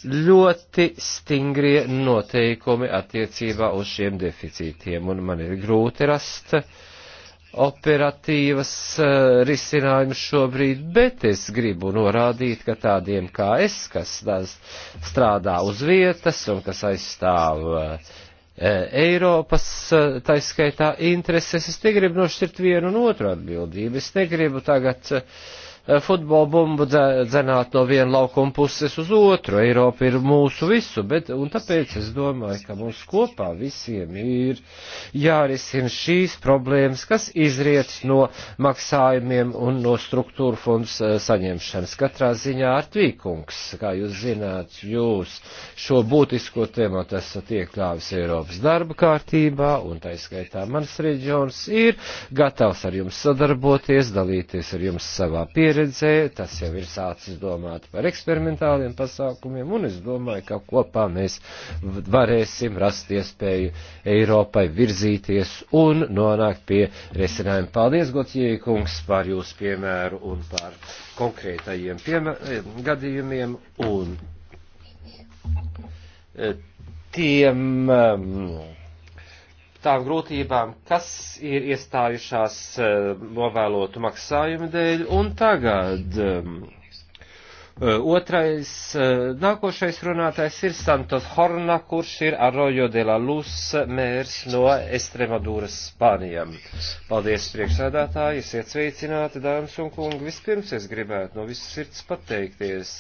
ļoti stingrie noteikumi attiecībā uz šiem deficītiem, un man ir grūti rast operatīvas eh, risinājumus šobrīd, bet es gribu norādīt, ka tādiem kā es, kas strādā uz vietas un kas aizstāv eh, Eiropas eh, taiskaitā intereses, es negribu nošķirt vienu un otru atbildību. Es negribu tagad uh, futbola bumbu dzenāt no viena laukuma puses uz otru. Eiropa ir mūsu visu, bet, un tāpēc es domāju, ka mums kopā visiem ir jārisina šīs problēmas, kas izriec no maksājumiem un no struktūra fondu eh, saņemšanas. Katrā ziņā ar tvīkungs, kā jūs zināt, jūs šo būtisko tematu esat iekļāvis Eiropas darba kārtībā, un tā izskaitā mans reģions ir gatavs ar jums sadarboties, dalīties ar jums savā pieredzē pieredzē, tas jau ir sācis domāt par eksperimentāliem pasākumiem, un es domāju, ka kopā mēs varēsim rast iespēju Eiropai virzīties un nonākt pie risinājuma. Paldies, Gotjēji kungs, par jūsu piemēru un par konkrētajiem piemēr, eh, gadījumiem un eh, tiem. Um, tām grūtībām, kas ir iestājušās eh, novēlotu maksājumu dēļ, un tagad ehm, eh, otrais, eh, nākošais runātājs ir Santos Horna, kurš ir Arrojo de la Luz mērs no Estremadūras Spānijam. Paldies priekšsēdētāji, esiet sveicināti, dāmas un kungi. Vispirms es gribētu no visas sirds pateikties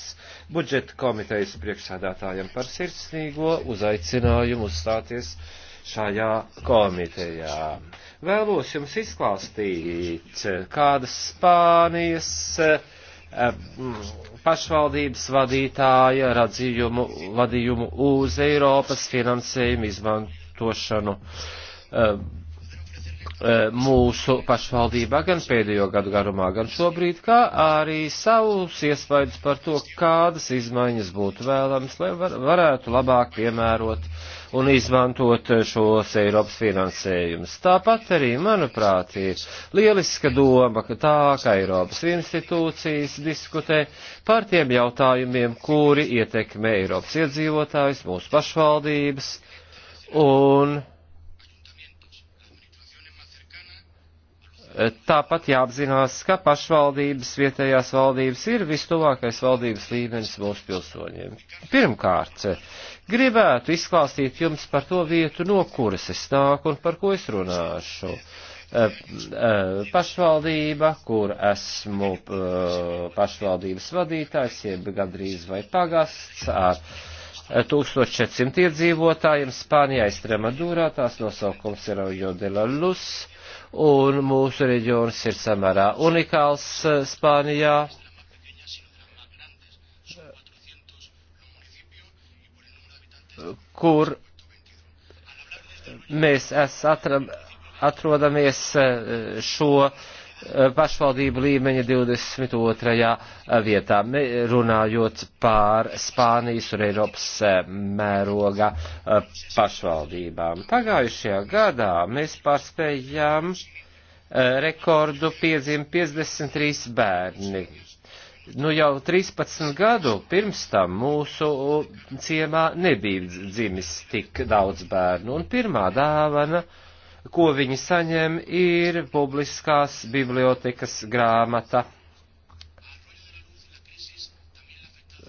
budžeta komitejas priekšsēdētājiem par sirdsnīgo uzaicinājumu uzstāties. Uz šajā komitejā. Vēlos jums izklāstīt, kādas Spānijas eh, mm, pašvaldības vadītāja radzījumu, vadījumu uz Eiropas finansējumu izmantošanu eh, eh, mūsu pašvaldībā gan pēdējo gadu garumā, gan šobrīd, kā arī savus iespaidus par to, kādas izmaiņas būtu vēlams, lai var, varētu labāk piemērot uh, un izmantot šos Eiropas finansējumus. Tāpat arī, manuprāt, ir lieliska doma, ka tā, ka Eiropas institūcijas diskutē par tiem jautājumiem, kuri ietekmē Eiropas iedzīvotājus, mūsu pašvaldības un Tāpat jāapzinās, ka pašvaldības vietējās valdības ir vistuvākais valdības līmenis mūsu pilsoņiem. Pirmkārt, gribētu izklāstīt jums par to vietu, no kuras es nāku un par ko es runāšu. Eh, eh, pašvaldība, kur esmu eh, pašvaldības vadītājs, jeb gandrīz vai pagasts ar 1400 iedzīvotājiem Spānijā, Estremadūrā, tās nosaukums ir Ojo de la Luz, un mūsu reģions ir samērā unikāls Spānijā kur mēs atram, atrodamies eh, šo eh, pašvaldību līmeņa 22. Eh, vietā, runājot pār Spānijas un Eiropas mēroga pašvaldībām. Pagājušajā gadā mēs pārspējām rekordu piedzim 53 bērni nu jau 13 gadu pirms tam mūsu ciemā nebija dzimis tik daudz bērnu, un pirmā dāvana, ko viņi saņem, ir publiskās bibliotekas grāmata.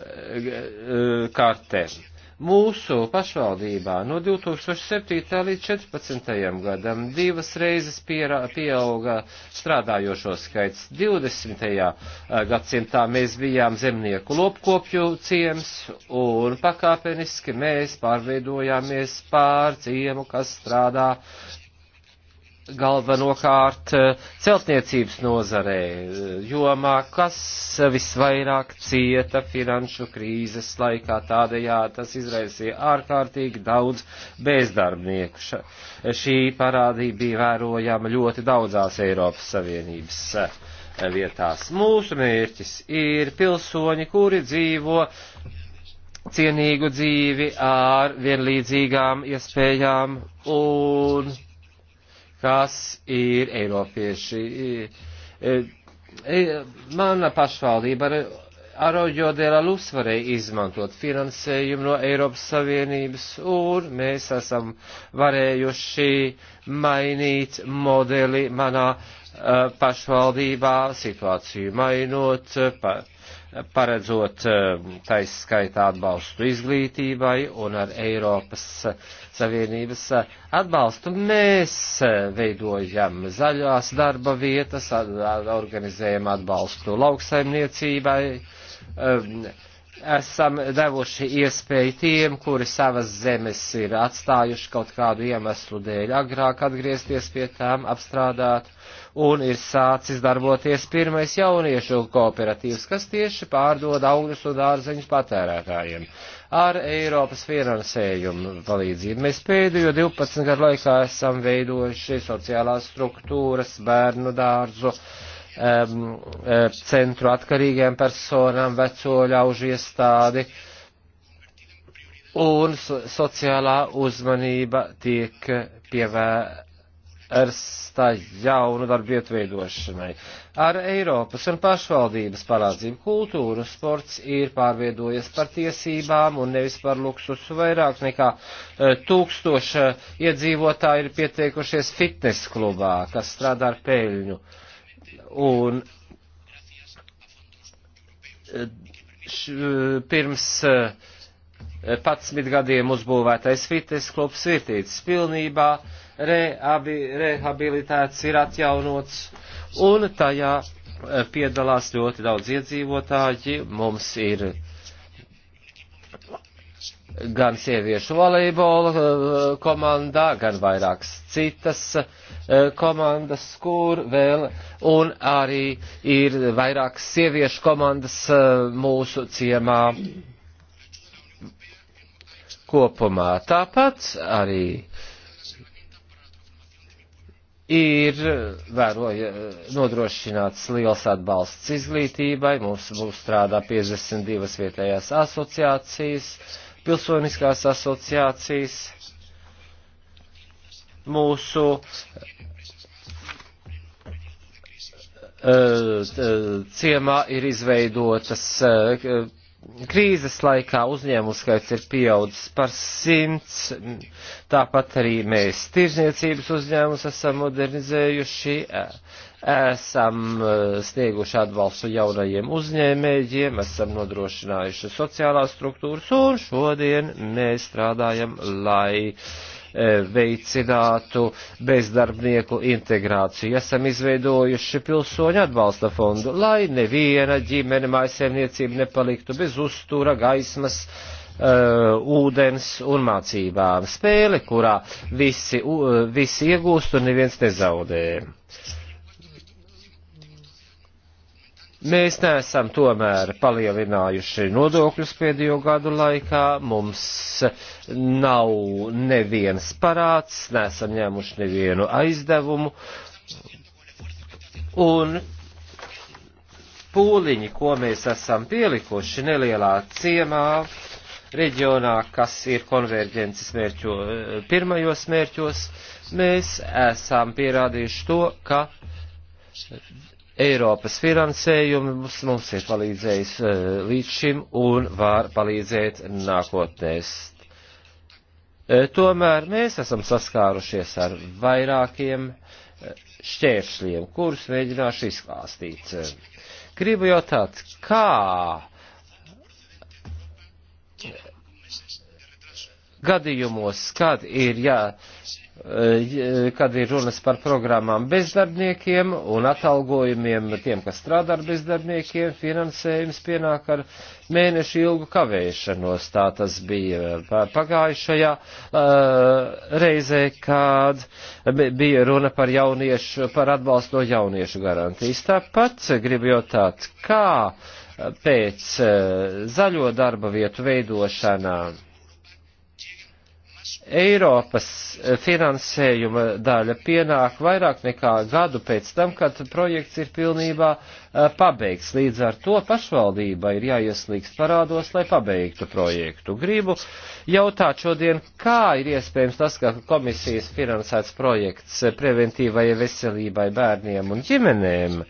E, Kartēm mūsu pašvaldībā no 2007. līdz 2014. gadam divas reizes pierā, pieauga strādājošo skaits. 20. Eh, gadsimtā mēs bijām zemnieku lopkopju ciems un pakāpeniski mēs pārveidojāmies pār ciemu, kas strādā galvenokārt eh, celtniecības nozarē, eh, jomā, kas visvairāk cieta finanšu krīzes laikā, tādējā tas izraisīja ārkārtīgi daudz bezdarbnieku. Ša, šī parādība bija vērojama ļoti daudzās Eiropas Savienības eh, vietās. Mūsu mērķis ir pilsoņi, kuri dzīvo cienīgu dzīvi ar vienlīdzīgām iespējām un kas ir Eiropieši. E, e, e, mana pašvaldība ar Aroģo de la Luz varēja izmantot finansējumu no Eiropas Savienības, un mēs esam varējuši mainīt modeli manā uh, pašvaldībā, situāciju mainot. Uh, paredzot eh, taisskaitā atbalstu izglītībai un ar Eiropas eh, Savienības eh, atbalstu. Mēs veidojam zaļās darba vietas, organizējam atbalstu lauksaimniecībai esam devuši iespēju tiem, kuri savas zemes ir atstājuši kaut kādu iemeslu dēļ, agrāk atgriezties pie tām, apstrādāt, un ir sācis darboties pirmais jauniešu kooperatīvs, kas tieši pārdod augļus un dārzeņus patērētājiem. Ar Eiropas finansējumu palīdzību mēs pēdējo 12 gadu laikā esam veidojuši sociālās struktūras, bērnu dārzu, uh, um, uh, centru atkarīgiem personām, veco ļaužu iestādi, un so sociālā uzmanība tiek pievērsta jaunu darbietu veidošanai. Ar Eiropas un pašvaldības parādzību kultūru sports ir pārveidojies par tiesībām un nevis par luksusu vairāk nekā eh, tūkstoša iedzīvotāji ir pieteikušies fitnes klubā, kas strādā ar peļņu. Uh, Un eh, š, eh, pirms 11 eh, gadiem uzbūvētais fites klubs Svirtītis pilnībā reabi, rehabilitēts ir atjaunots un tajā piedalās ļoti daudz iedzīvotāji. Mums ir gan sieviešu volejbola eh, komandā, gan vairākas citas eh, komandas, kur vēl, un arī ir vairākas sieviešu komandas eh, mūsu ciemā kopumā. Tāpat arī ir vēroja, nodrošināts liels atbalsts izglītībai, mums, mums strādā 52 vietējās asociācijas, pilsoniskās asociācijas, mūsu eh, eh, ciemā ir izveidotas eh, krīzes laikā uzņēmumu skaits ir pieaudzis par simts, tāpat arī mēs tirzniecības uzņēmumus esam modernizējuši, esam eh, snieguši atbalstu jaunajiem uzņēmējiem, esam nodrošinājuši sociālās struktūras, un šodien mēs strādājam, lai eh, veicinātu bezdarbnieku integrāciju. Esam izveidojuši pilsoņu atbalsta fondu, lai neviena ģimene mājasēmniecība nepaliktu bez uzstūra, gaismas, uh, ūdens un mācībām. Spēle, kurā visi, uh, visi iegūst un neviens nezaudē. Uh, Mēs neesam tomēr palielinājuši nodokļus pēdējo gadu laikā, mums nav neviens parāds, neesam ņēmuši nevienu aizdevumu, un pūliņi, ko mēs esam pielikuši nelielā ciemā, reģionā, kas ir konverģences mērķo, pirmajos mērķos, mēs esam pierādījuši to, ka Eiropas finansējumi mums, mums ir palīdzējis eh, līdz šim un var palīdzēt nākotnēs. Eh, tomēr mēs esam saskārušies ar vairākiem eh, šķēršļiem, kurus mēģināšu izklāstīt. Gribu jautāt, kā gadījumos, kad ir jā, ja, Eh, kad ir runas par programmām bezdarbniekiem un atalgojumiem tiem, kas strādā ar bezdarbniekiem, finansējums pienāk ar mēnešu ilgu kavēšanos. Tā tas bija pagājušajā uh, reizē, kad bija runa par jauniešu, par atbalstu no jauniešu garantijas. Tāpat gribu jautāt, kā pēc uh, zaļo darba vietu veidošanā Eiropas finansējuma daļa pienāk vairāk nekā gadu pēc tam, kad projekts ir pilnībā eh, pabeigts. Līdz ar to pašvaldība ir jāieslīgst parādos, lai pabeigtu projektu. Gribu jautāt šodien, kā ir iespējams tas, ka komisijas finansēts projekts preventīvai veselībai bērniem un ģimenēm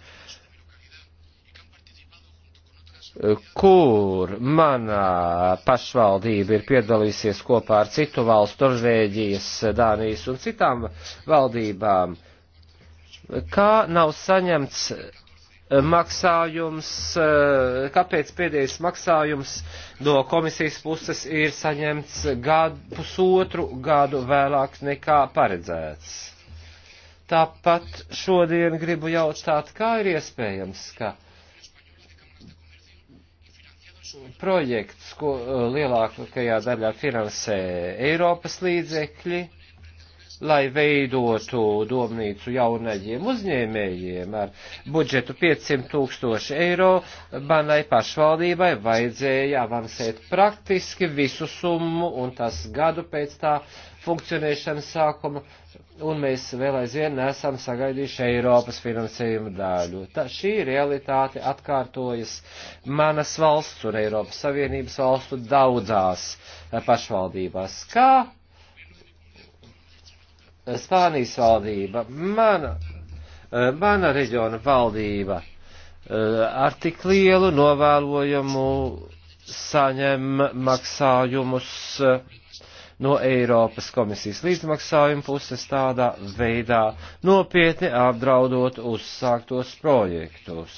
kur manā pašvaldība ir piedalīsies kopā ar citu valstu, Norvēģijas, Dānijas un citām valdībām, kā nav saņemts eh, maksājums, eh, kāpēc pēdējais maksājums no komisijas puses ir saņemts gadu, pusotru gadu vēlāk nekā paredzēts. Tāpat šodien gribu jautāt, kā ir iespējams, ka projekts, ko eh, lielākajā daļā finansē Eiropas līdzekļi, lai veidotu domnīcu jaunajiem uzņēmējiem ar budžetu 500 tūkstoši eiro, manai pašvaldībai vajadzēja avansēt praktiski visu summu un tas gadu pēc tā funkcionēšanas sākuma un mēs vēl aizvien nesam sagaidījuši Eiropas finansējumu daļu. Tā šī realitāte atkārtojas manas valsts un Eiropas Savienības valstu daudzās eh, pašvaldībās. Kā Spānijas valdība, mana, eh, mana reģiona valdība eh, ar tik lielu novēlojumu saņem maksājumus no Eiropas komisijas līdzmaksājuma puses tādā veidā nopietni apdraudot uzsāktos projektus,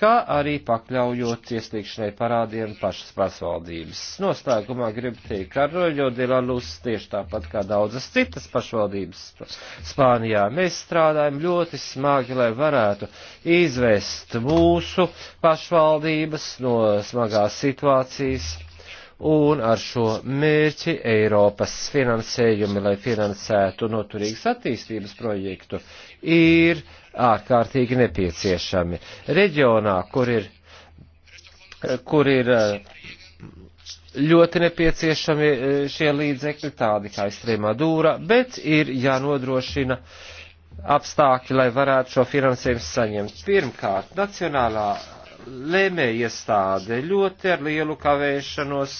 kā arī pakļaujot cieslīgšanai parādiem pašas pašvaldības. Nostākumā gribu teikt, ka Roļo de la Luz tieši tāpat kā daudzas citas pašvaldības Spānijā mēs strādājam ļoti smagi, lai varētu izvest mūsu pašvaldības no smagās situācijas un ar šo mērķi Eiropas finansējumi, lai finansētu noturīgas attīstības projektu, ir ārkārtīgi nepieciešami. Reģionā, kur ir, kur ir eh, ļoti nepieciešami eh, šie līdzekļi, tādi kā Extremadūra, bet ir jānodrošina apstākļi, lai varētu šo finansējumu saņemt. Pirmkārt, nacionālā lēmēja iestāde ļoti ar lielu kavēšanos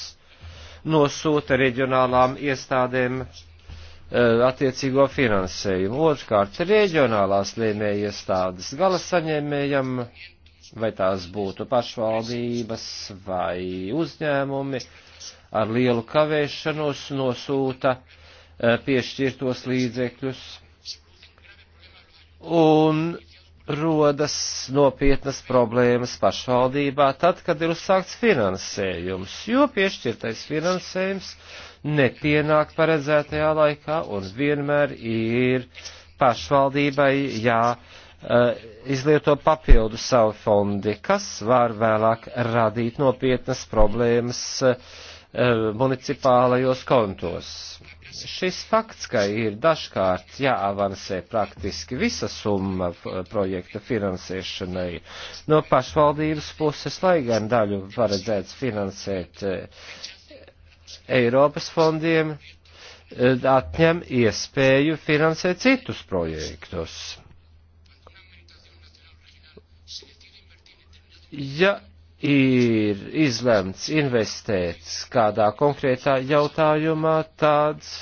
nosūta reģionālām iestādēm eh, attiecīgo finansējumu. Otrkārt, reģionālās lēmēja iestādes gala saņēmējam, vai tās būtu pašvaldības vai uzņēmumi, ar lielu kavēšanos nosūta eh, piešķirtos līdzekļus. Un rodas nopietnas problēmas pašvaldībā tad, kad ir uzsākts finansējums, jo piešķirtais finansējums nepienāk paredzētajā laikā un vienmēr ir pašvaldībai jā eh, izlieto papildu savu fondi, kas var vēlāk radīt nopietnas problēmas eh, municipālajos kontos šis fakts, ka ir dažkārt jāavansē praktiski visa summa projekta finansēšanai no pašvaldības puses, lai gan daļu paredzēts finansēt eh, Eiropas fondiem, eh, atņem iespēju finansēt citus projektus. Ja ir izlemts investēt kādā konkrētā jautājumā, tāds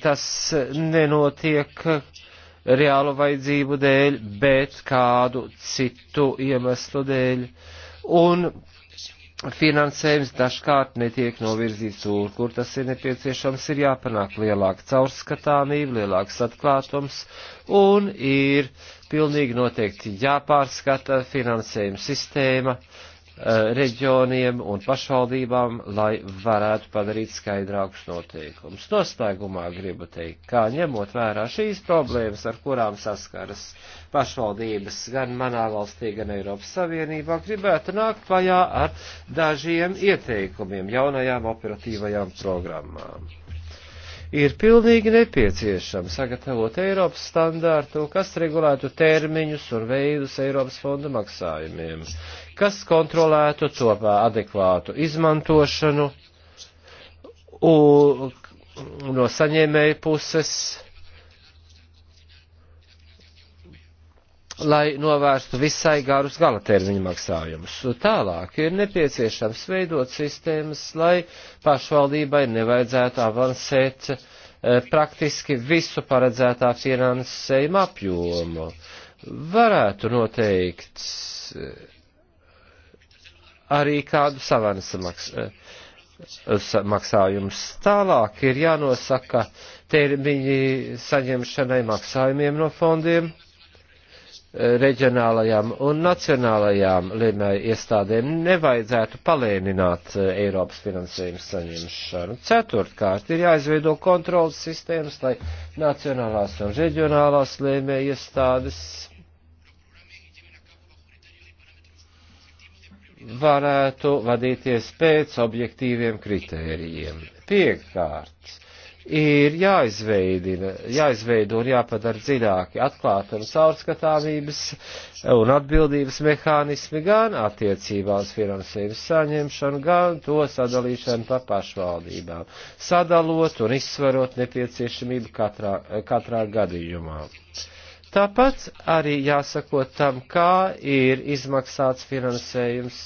tas nenotiek reālu vajadzību dēļ, bet kādu citu iemeslu dēļ. Un finansējums dažkārt netiek novirzīts tur, kur tas ir nepieciešams, ir jāpanāk lielāka caurskatāmība, lielāks atklātums un ir pilnīgi noteikti jāpārskata finansējuma sistēma eh, reģioniem un pašvaldībām, lai varētu padarīt skaidrākus noteikumus. Noslēgumā gribu teikt, kā ņemot vērā šīs problēmas, ar kurām saskaras pašvaldības gan manā valstī, gan Eiropas Savienībā, gribētu nākt klajā ar dažiem ieteikumiem jaunajām operatīvajām programmām ir pilnīgi nepieciešams sagatavot Eiropas standārtu, kas regulētu termiņus un veidus Eiropas fondu maksājumiem, kas kontrolētu to adekvātu izmantošanu un no saņēmēju puses lai novērstu visai garus galatērziņu maksājumus. Tālāk ir nepieciešams veidot sistēmas, lai pašvaldībai nevajadzētu avansēt eh, praktiski visu paredzētā finansējuma apjomu. Varētu noteikt eh, arī kādu savanas eh, maksājumus. Tālāk ir jānosaka termiņi saņemšanai maksājumiem no fondiem reģionālajām un nacionālajām lēmēju iestādēm nevajadzētu palēnināt e, Eiropas finansējumu saņemšanu. Ceturtkārt, ir jāizveido kontrolas sistēmas, lai nacionālās un reģionālās lēmēju iestādes varētu vadīties pēc objektīviem kritērijiem. Piekārt, ir jāizveidina, jāizveido un jāpadara dziļāki atklāti un caurskatāmības un atbildības mehānismi gan attiecībā uz finansējumu saņemšanu, gan to sadalīšanu pa pašvaldībām, sadalot un izsverot nepieciešamību katrā, katrā gadījumā. Tāpat arī jāsako tam, kā ir izmaksāts finansējums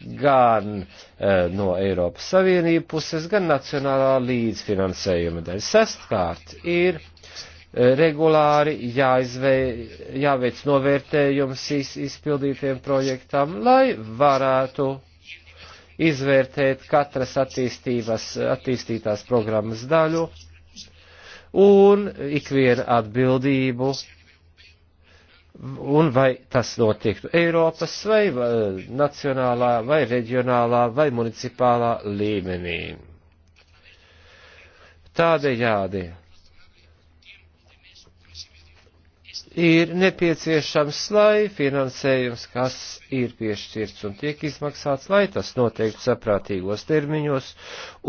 gan e, no Eiropas Savienības puses, gan nacionālā līdzfinansējuma dēļ. Sestkārt ir eh, regulāri jāizvei, jāveic novērtējums iz, izpildītiem projektam, lai varētu izvērtēt katras attīstītās programmas daļu un ikvienu atbildību un vai tas notiktu Eiropas vai nacionālā vai reģionālā vai municipālā līmenī. Tādējādi ir nepieciešams, lai finansējums, kas ir piešķirts un tiek izmaksāts, lai tas noteiktu saprātīgos termiņos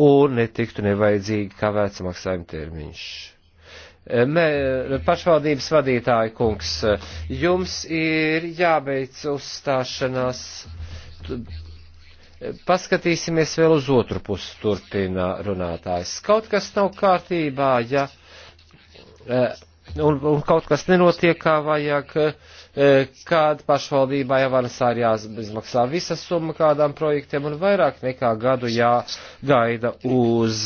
un netiktu nevajadzīgi kavēts maksājuma termiņš. Eh, eh, pašvaldības vadītāja kungs, eh, jums ir jābeidz uzstāšanās. Paskatīsimies vēl uz otru pusi, turpina runātājs. Kaut kas nav kārtībā, ja un, un kaut kas nenotiek kā vajag, e, kāda pašvaldībā Javansā ir jāizmaksā visa summa kādām projektiem un vairāk nekā gadu jāgaida uz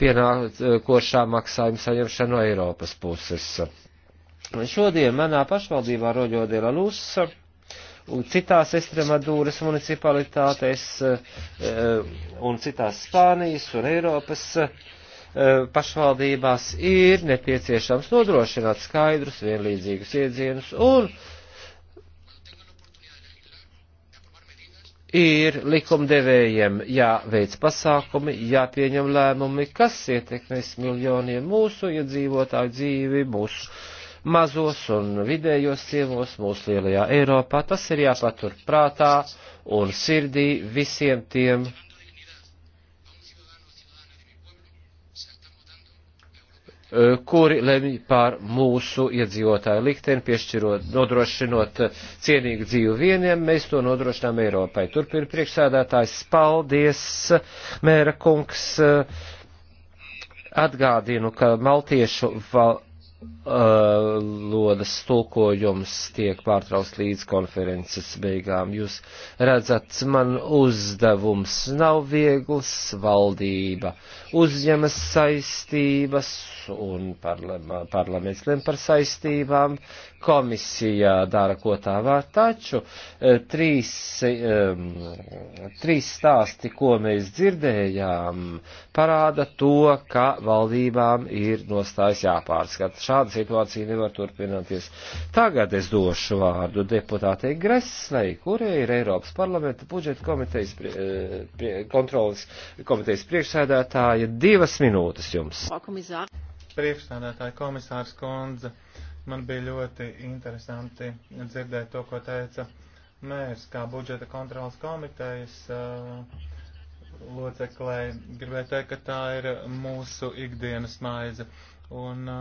pienākošā maksājuma saņemšanu no Eiropas puses. Šodien manā pašvaldībā Roģodēla Lūsa un citās Estremadūras municipalitātēs e, e, un citās Spānijas un Eiropas uh, Eh, pašvaldībās ir nepieciešams nodrošināt skaidrus, vienlīdzīgus iedzienus un ir likumdevējiem jāveic pasākumi, jāpieņem lēmumi, kas ietekmēs miljoniem mūsu iedzīvotāju dzīvi, mūsu mazos un vidējos ciemos, mūsu lielajā Eiropā. Tas ir jāpatur prātā un sirdī visiem tiem, Eh, kuri lemj par mūsu iedzīvotāju likteni, piešķirot, nodrošinot eh, cienīgu dzīvi vieniem, mēs to nodrošinām Eiropai. Turpin priekšsēdētājs, paldies, mēra kungs, eh, atgādinu, ka maltiešu val Uh, lodas tulkojums tiek pārtraukts līdz konferences beigām. Jūs redzat, man uzdevums nav viegls, valdība uzņemas saistības un parla parlaments lem par saistībām, komisijā dara, ko tā var, taču e, trīs, e, trīs stāsti, ko mēs dzirdējām, parāda to, ka valdībām ir nostājas jāpārskata. Šāda situācija nevar turpināties. Tagad es došu vārdu deputātei Greslei, kurai ir Eiropas parlamenta budžeta komitejas, e, kontrolas komitejas priekšsēdētāja. Divas minūtes jums. Priekšsēdētāja komisārs Konza. Man bija ļoti interesanti dzirdēt to, ko teica mērs, kā budžeta kontrolas komitejas uh, loceklē. Gribēju teikt, ka tā ir mūsu ikdienas maize. Un uh,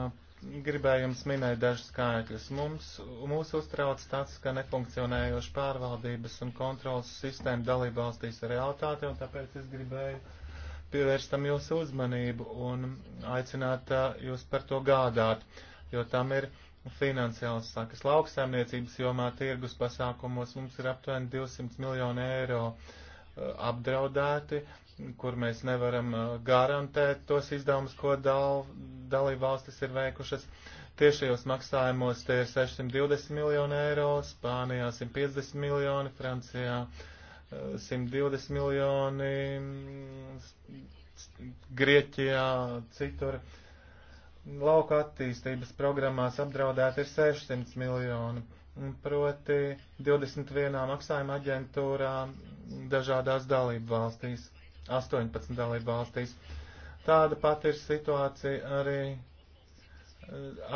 gribēju jums minēt dažus skaitļus. Mums, mūs uztrauc tas, ka nefunkcionējoši pārvaldības un kontrolas sistēma dalībvalstīs ir realitāte, un tāpēc es gribēju pievērst tam jūsu uzmanību un aicināt uh, jūs par to gādāt, jo tam ir finansiālas sakas lauksaimniecības jomā tirgus pasākumos mums ir aptuveni 200 miljoni eiro uh, apdraudēti, kur mēs nevaram uh, garantēt tos izdevumus, ko dal, dalībvalstis ir veikušas. Tiešajos maksājumos tie ir 620 miljoni eiro, Spānijā 150 miljoni, Francijā 120 uh, miljoni, Grieķijā citur. Uh, Lauka attīstības programmās apdraudēti ir 600 miljoni, proti 21 maksājuma aģentūrā dažādās dalību valstīs, 18 dalību valstīs. Tāda pat ir situācija arī eh,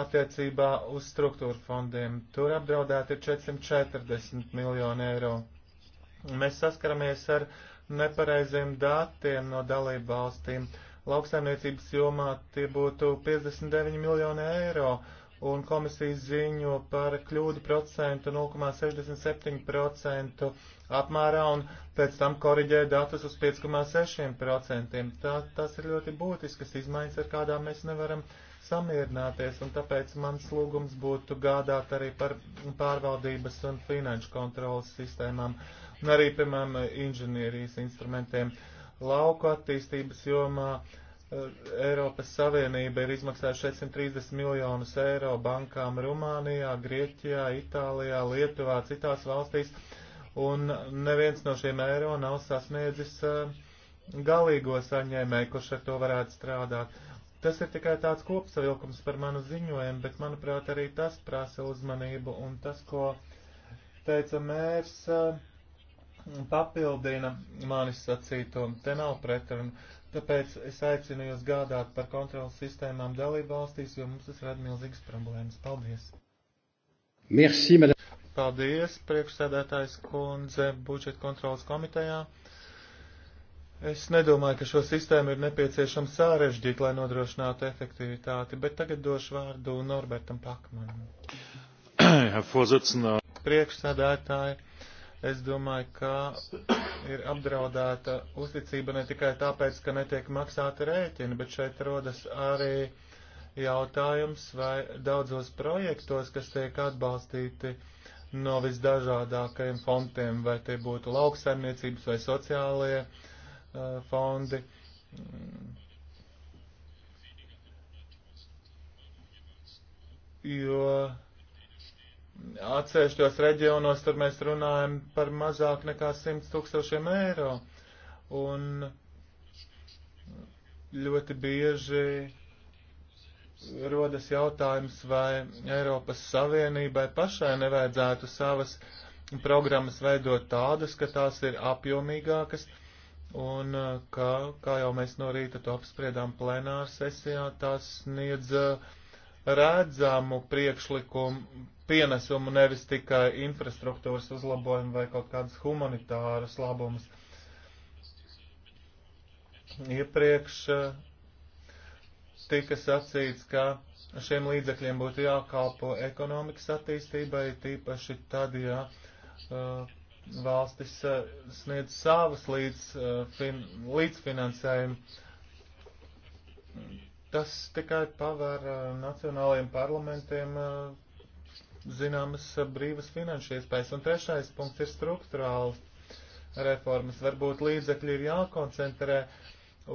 attiecībā uz struktūra fondiem. Tur apdraudēti ir 440 miljoni eiro. Mēs saskaramies ar nepareiziem datiem no dalību valstīm. Uh, lauksaimniecības jomā tie būtu 59 miljoni eiro, un komisija ziņo par kļūdu procentu 0,67% apmērā un pēc tam koriģē datus uz 5,6%. Tā, tas ir ļoti būtiskas izmaiņas, ar kādām mēs nevaram samierināties, un tāpēc mans lūgums būtu gādāt arī par pārvaldības un finanšu kontrolas sistēmām, un arī, piemēram, inženierijas instrumentiem. Uh, lauku attīstības jomā. Eh, Eiropas Savienība ir izmaksājusi 630 miljonus eiro bankām Rumānijā, Grieķijā, Itālijā, Lietuvā, citās valstīs, un neviens no šiem eiro nav sasniedzis eh, galīgo saņēmēju, kurš ar to varētu strādāt. Tas ir tikai tāds kopsavilkums par manu ziņojumu, bet, manuprāt, arī tas prasa uzmanību, un tas, ko teica mērs, uh, papildina manis sacīto, te nav pretrunu. Tāpēc es aicinu jūs gādāt par kontrolas sistēmām dalību valstīs, jo mums tas rada milzīgas problēmas. Paldies! Merci, madame. Paldies, priekšsēdētājs kundze, budžeta kontrolas komitejā. Es nedomāju, ka šo sistēmu ir nepieciešams sārežģīt, lai nodrošinātu efektivitāti, bet tagad došu vārdu Norbertam Pakmanam. Priekšsēdētāji Es domāju, ka ir apdraudēta uzticība ne tikai tāpēc, ka netiek maksāta rēķina, bet šeit rodas arī jautājums, vai daudzos projektos, kas tiek atbalstīti no visdažādākajiem fondiem, vai tie būtu lauksaimniecības vai sociālie uh, fondi. Mm. Jo Atsevišķos reģionos tur mēs runājam par mazāk nekā 100 tūkstošiem eiro. Un ļoti bieži rodas jautājums, vai Eiropas Savienībai pašai nevajadzētu savas programmas veidot tādas, ka tās ir apjomīgākas un uh, ka, kā jau mēs no rīta to apspriedām plenāra sesijā, tās sniedz uh, redzamu priekšlikumu pienesumu, nevis tikai infrastruktūras uzlabojumu vai kaut kādus humanitārus labumus. Iepriekš eh, tika sacīts, ka šiem līdzekļiem būtu jākalpo ekonomikas attīstībai, tīpaši tad, ja uh, valstis uh, sniedz savas līdz, uh, fin, līdzfinansējumu Tas tikai paver eh, nacionālajiem parlamentiem eh, zināmas eh, brīvas finanšu iespējas. Un trešais punkts ir struktūrāls reformas. Varbūt līdzekļi ir jākoncentrē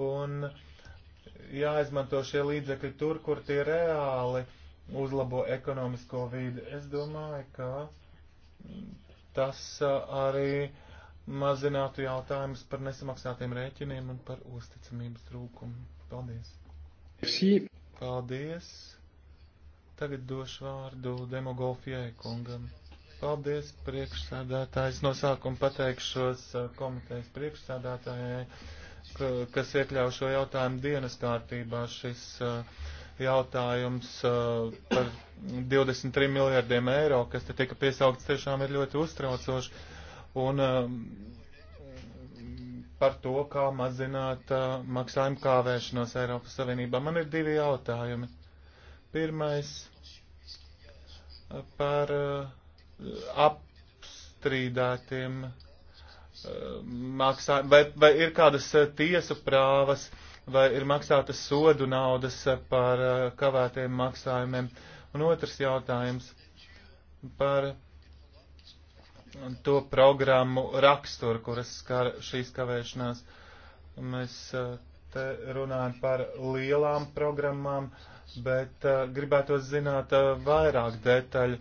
un jāizmanto šie līdzekļi tur, kur tie reāli uzlabo ekonomisko vīdi. Es domāju, ka tas arī mazinātu jautājumus par nesamaksātiem rēķiniem un par uzticamības trūkumu. Paldies! Paldies! Tagad došu vārdu demogolfijai kungam. Paldies, priekšsādātājs. No sākuma pateikšos uh, komitejas priekšsādātājai, kas iekļauj šo jautājumu dienas kārtībā. Šis uh, jautājums uh, par 23 miljardiem eiro, kas te tika piesaukts, tiešām ir ļoti uztraucoši. Un um, par to, kā mazināt uh, maksājumu kāvēšanos Eiropas Savienībā. Man ir divi jautājumi. Pirmais par uh, apstrīdētiem uh, maksājumiem, vai, vai ir kādas tiesu prāvas, vai ir maksātas sodu naudas par kavētiem maksājumiem. Un otrs jautājums par to programmu raksturu, kuras skar šīs kavēšanās. Mēs eh, te runājam par lielām programmām, bet eh, gribētos zināt eh, vairāk detaļu.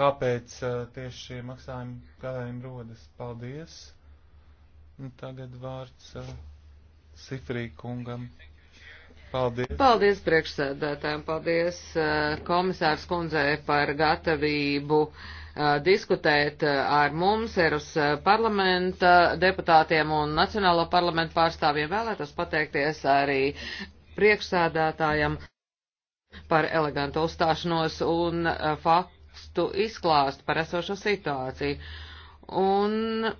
Kāpēc tieši šie maksājumi kādējiem rodas? Paldies! Tagad vārds Sifrī kungam. Thank you. Paldies. Paldies priekšsēdētājiem, paldies uh, komisārs kundzei par gatavību uh, diskutēt uh, ar mums, Eiros parlamenta deputātiem un Nacionālo parlamentu pārstāvjiem. Vēlētos pateikties arī priekšsēdētājam par elegantu uzstāšanos un faktu izklāstu par esošo situāciju. Un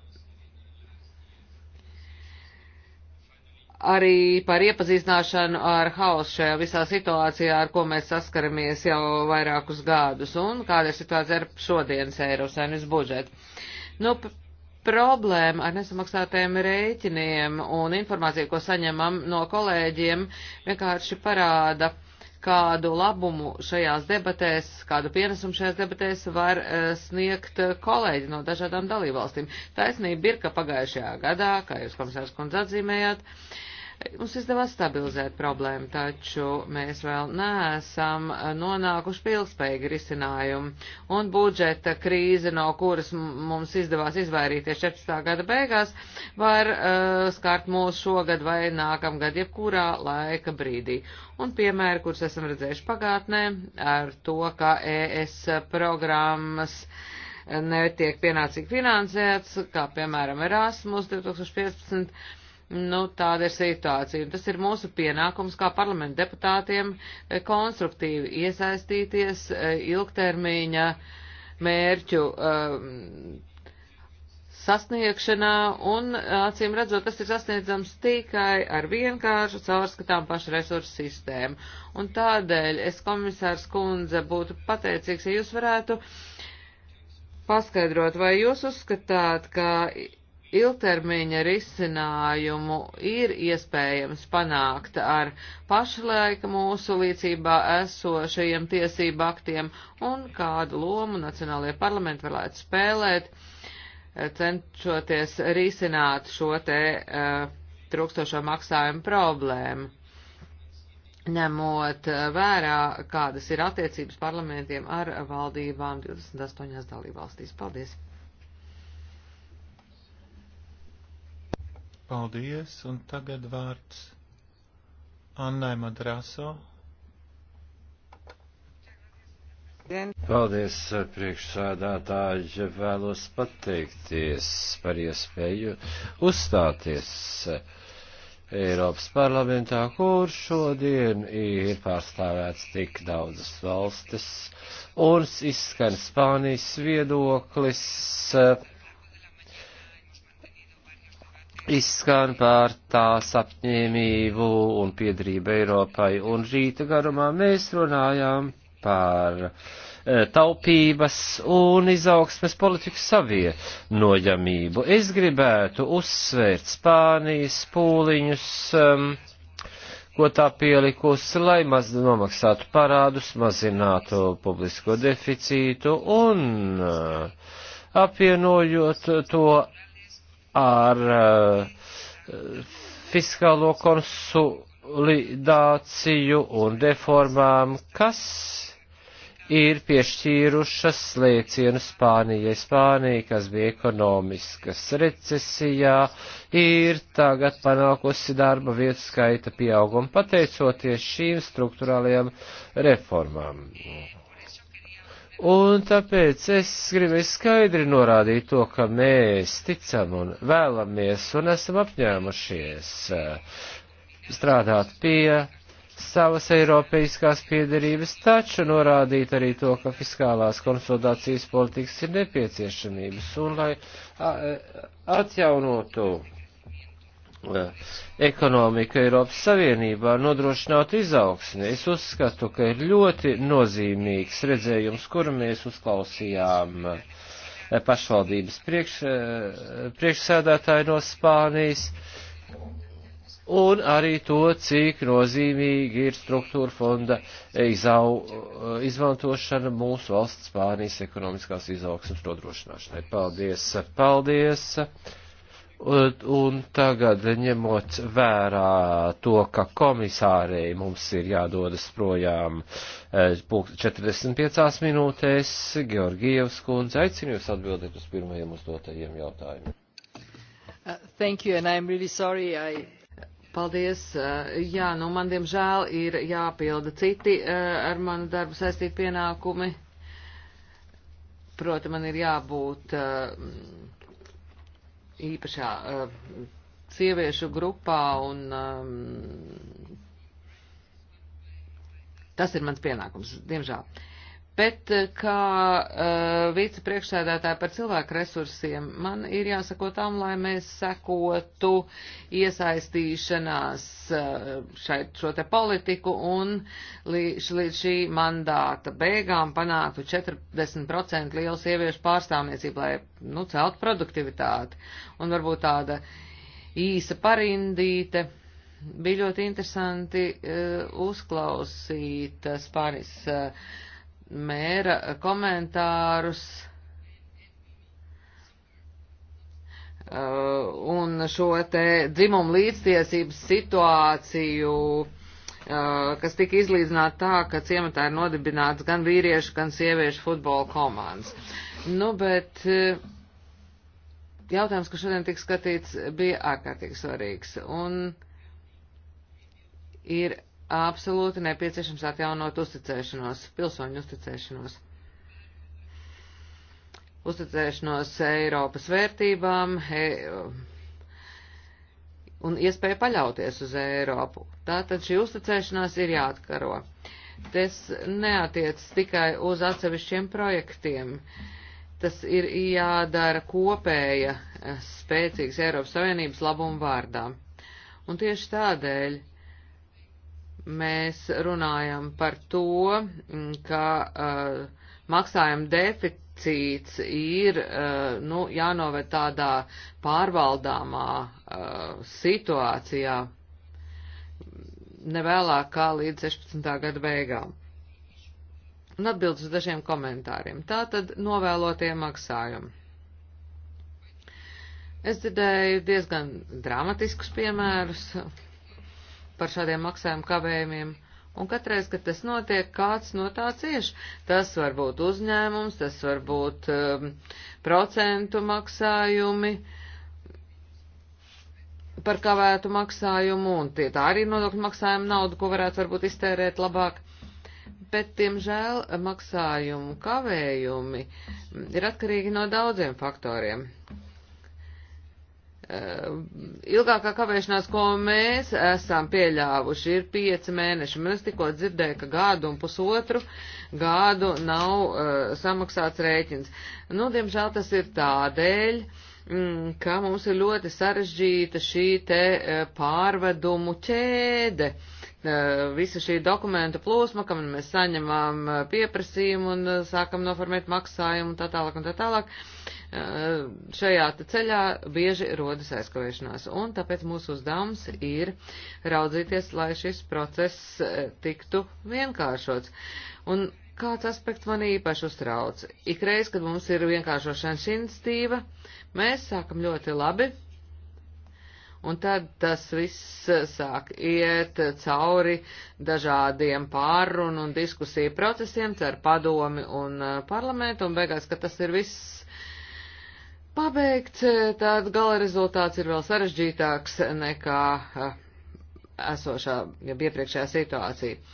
arī par iepazīstināšanu ar hausu šajā visā situācijā, ar ko mēs saskaramies jau vairākus gadus, un kāda ir situācija ar šodienas Eiropas saimnes budžetu. Nu, problēma ar nesamaksātajiem rēķiniem un informāciju, ko saņemam no kolēģiem, vienkārši parāda, kādu labumu šajās debatēs, kādu pienesumu šajās debatēs var e, sniegt kolēģi no dažādām dalībvalstīm. Taisnība ir, ka pagājušajā gadā, kā jūs komisārs kundze atzīmējāt, uh, Mums izdevās stabilizēt problēmu, taču mēs vēl neesam eh, nonākuši pilnspējīgi risinājumu, un budžeta krīze, no kuras mums izdevās izvairīties 14. gada beigās, var uh, skart mūs šogad vai nākamgad, jebkurā laika brīdī. Un piemēri, kurus esam redzējuši pagātnē, ar to, ka ES programmas eh, netiek pienācīgi finansēts, kā piemēram Erasmus 2015 Nu, tāda ir situācija. Tas ir mūsu pienākums kā parlamenta deputātiem eh, konstruktīvi iesaistīties eh, ilgtermiņa mērķu ehm, sasniegšanā, un eh, acīm redzot, tas ir sasniedzams tikai ar vienkāršu caurskatām pašu resursu sistēmu. Un tādēļ es, komisārs Kundze, būtu pateicīgs, ja jūs varētu paskaidrot, vai jūs uzskatāt, ka ilgtermiņa risinājumu ir iespējams panākt ar pašlaik mūsu līdzībā esošajiem tiesību aktiem un kādu lomu Nacionālajie parlamenti varētu spēlēt, eh, cenšoties risināt šo te uh, trūkstošo maksājumu problēmu, ņemot eh, vērā, kādas ir attiecības parlamentiem ar valdībām 28. dalībvalstīs. Paldies! Paldies, un tagad vārds Annai Madraso. Paldies, priekšsādātāji, vēlos pateikties par iespēju uzstāties Eiropas parlamentā, kur šodien ir pārstāvēts tik daudzas valstis, un izskan Spānijas viedoklis. Uh, izskan pār tās apņēmību un piedrību Eiropai, un rīta garumā mēs runājām par e, taupības un izaugsmes politikas savienojamību. Es gribētu uzsvērt Spānijas pūliņus, um, ko tā pielikusi, lai maz nomaksātu parādus, mazinātu publisko deficītu un uh, apvienojot to ar uh, fiskālo konsolidāciju un reformām, kas ir piešķīrušas lēcienu Spānijai. Spānija, kas bija ekonomiskas recesijā, ir tagad panākusi darba vietu skaita pieaugumu pateicoties šīm struktūrālajām reformām. Un tāpēc es gribu skaidri norādīt to, ka mēs ticam un vēlamies un esam apņēmušies eh, strādāt pie savas eiropeiskās piedarības, taču norādīt arī to, ka fiskālās konsolidācijas politikas ir nepieciešamības un lai eh, atjaunotu Eh, ekonomika Eiropas Savienībā nodrošinātu izaugsmi. Es uzskatu, ka ir ļoti nozīmīgs redzējums, kuru mēs uzklausījām eh, pašvaldības priekš, eh, priekšsēdētāju no Spānijas, un arī to, cik nozīmīgi ir struktūra fonda izau, izmantošana mūsu valsts Spānijas ekonomiskās izaugsmas nodrošināšanai. Paldies! Paldies! Un, un tagad, ņemot vērā to, ka komisārei mums ir jādodas projām 45 eh, minūtēs, Georgievs kundze, aicinu jūs atbildēt uz pirmajiem uzdotajiem jautājumiem. Uh, thank you, and I'm really sorry. I... Paldies. Uh, jā, nu man diemžēl ir jāpilda citi uh, ar manu darbu saistīti pienākumi. Proti, man ir jābūt. Uh, īpašā uh, sieviešu grupā, un um, tas ir mans pienākums, diemžēl. Bet eh, kā uh, eh, vicepriekšsēdētāja par cilvēku resursiem, man ir jāsako tam, lai mēs sekotu iesaistīšanās uh, eh, šeit šo te politiku un līdz, līdz šī mandāta beigām panāktu 40% lielu sieviešu pārstāvniecību, lai, nu, celt produktivitāti. Un varbūt tāda īsa parindīte bija ļoti interesanti uh, uzklausīt uh, Spānis. Uh, mēra komentārus. Uh, un šo te dzimumu līdztiesības situāciju, uh, kas tika izlīdzināta tā, ka ciematā ir nodibināts gan vīriešu, gan sieviešu futbola komandas. Nu, bet uh, jautājums, kas šodien tika skatīts, bija ārkārtīgi svarīgs. Un ir absolūti nepieciešams atjaunot uzticēšanos, pilsoņu uzticēšanos. Uzticēšanos Eiropas vērtībām e un iespēja paļauties uz Eiropu. Tātad šī uzticēšanās ir jāatkaro. Tas neatiec tikai uz atsevišķiem projektiem. Tas ir jādara kopēja e, spēcīgas Eiropas Savienības labuma vārdā. Un tieši tādēļ mēs runājam par to, mm, ka uh, maksājuma deficīts ir uh, nu, jānoved tādā pārvaldāmā uh, situācijā nevēlāk kā līdz 16. gada beigām. Un atbildes uz dažiem komentāriem. Tā tad novēlotie maksājumi. Es dzirdēju diezgan dramatiskus piemērus, par šādiem maksājumu kavējumiem. Un katreiz, kad tas notiek, kāds no tā cieš. Tas var būt uzņēmums, tas var būt um, procentu maksājumi par kavētu maksājumu, un tie tā arī nodokļu maksājumu naudu, ko varētu varbūt iztērēt labāk bet, diemžēl, maksājumu kavējumi ir atkarīgi no daudziem faktoriem. Eh, ilgākā kavēšanās, ko mēs esam pieļāvuši, ir pieci mēneši. Mēs tikko dzirdēju, ka gadu un pusotru gadu nav uh, samaksāts rēķins. Nu, diemžēl tas ir tādēļ, mm, ka mums ir ļoti sarežģīta šī te uh, pārvedumu ķēde. Uh, visa šī dokumenta plūsma, kam mēs saņemam pieprasījumu un sākam noformēt maksājumu un tā tālāk un tā tālāk. Tā tālāk Eh, šajā ceļā bieži rodas aizkavēšanās, un tāpēc mūsu uzdevums ir raudzīties, lai šis process eh, tiktu vienkāršots. Un kāds aspekts man īpaši uztrauc. Ikreiz, kad mums ir vienkāršošanas institīva, mēs sākam ļoti labi, un tad tas viss eh, sāk iet cauri dažādiem pārrunu un diskusiju procesiem ar padomi un parlamentu, un beigās, ka tas ir viss pabeigts, tad gala rezultāts ir vēl sarežģītāks nekā eh, esošā, jeb iepriekšējā situācija.